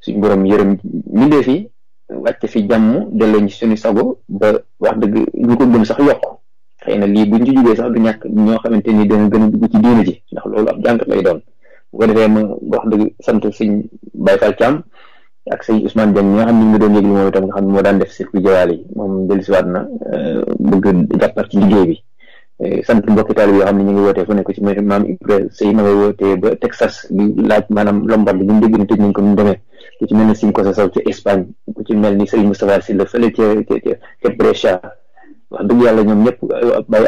suñ borom yërëm mbindee fi wàcc fi jàmm delloo ñu suñu sago ba wax dëgg ñu ko gën sax yokk xëy na lii buñ ci jugee sax du ñàkk ñoo xamante ni dana gën a ndax loolu ab jàngat lay doon bu ma wax dëgg sant sëñ Baye Fall Thiam ak sëñ Ousmane Diagne ñoo xam ni nga doon yëglu moom itam nga xam ne moo daan def circuit jawaal yi moom waat na euh, bëgg jàppar ci liggéey bi sant mbokki taalibe yoo xam ne ñu ngi wootee fu nekk ci maam ba Texas di laaj maanaam Lombard bi ñu dégg ne tëj nañ ku ci mel ni Sim Kosa Sow a dugg waa Touba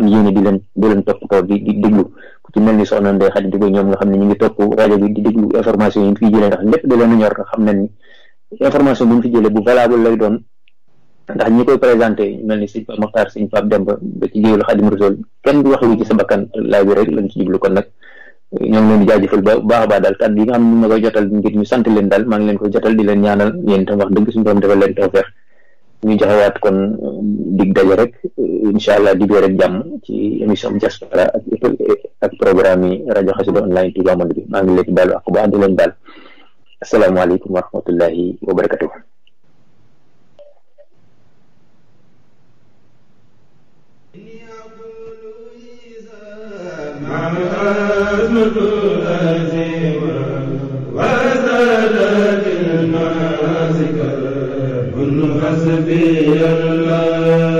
di leen di leen topp ko di ni soxna Ndeye Xadi Dugg ñoom nga xam ne ñu ngi topp rajo bi di déglu information yi ñu fiy jëlee ndax lépp da leen ñor nga xam ne ni information bu ñu fi jëlee bu valable lay doon ndax ñi koy présenté mel ni sëñ Pape Mokhtar sëñ Pape Demba ba ci géejul Xaadimu Rasuul kenn du wax lu ci sa rek lañ ci jublu kon nag ñoo ngi leen di jaajëfal ba baax a baax daal kàddu yi nga xam ne ñu koy jotal ngir sant leen daal maa ngi leen jotal di leen ñaanal yéen itam wax dëgg suñu borom defal leen tawfeex ñu joxewaat kon uh, dig daje rek uh, incha allah di rek jàmm ci émission diaspora ak ak programme yi rajo Xassida online Touba Monde bi maa ngi leen di baalu ak bu ànd leen daal asalaamaaleykum wa rahmatullahi wa barakatuh حسبي الله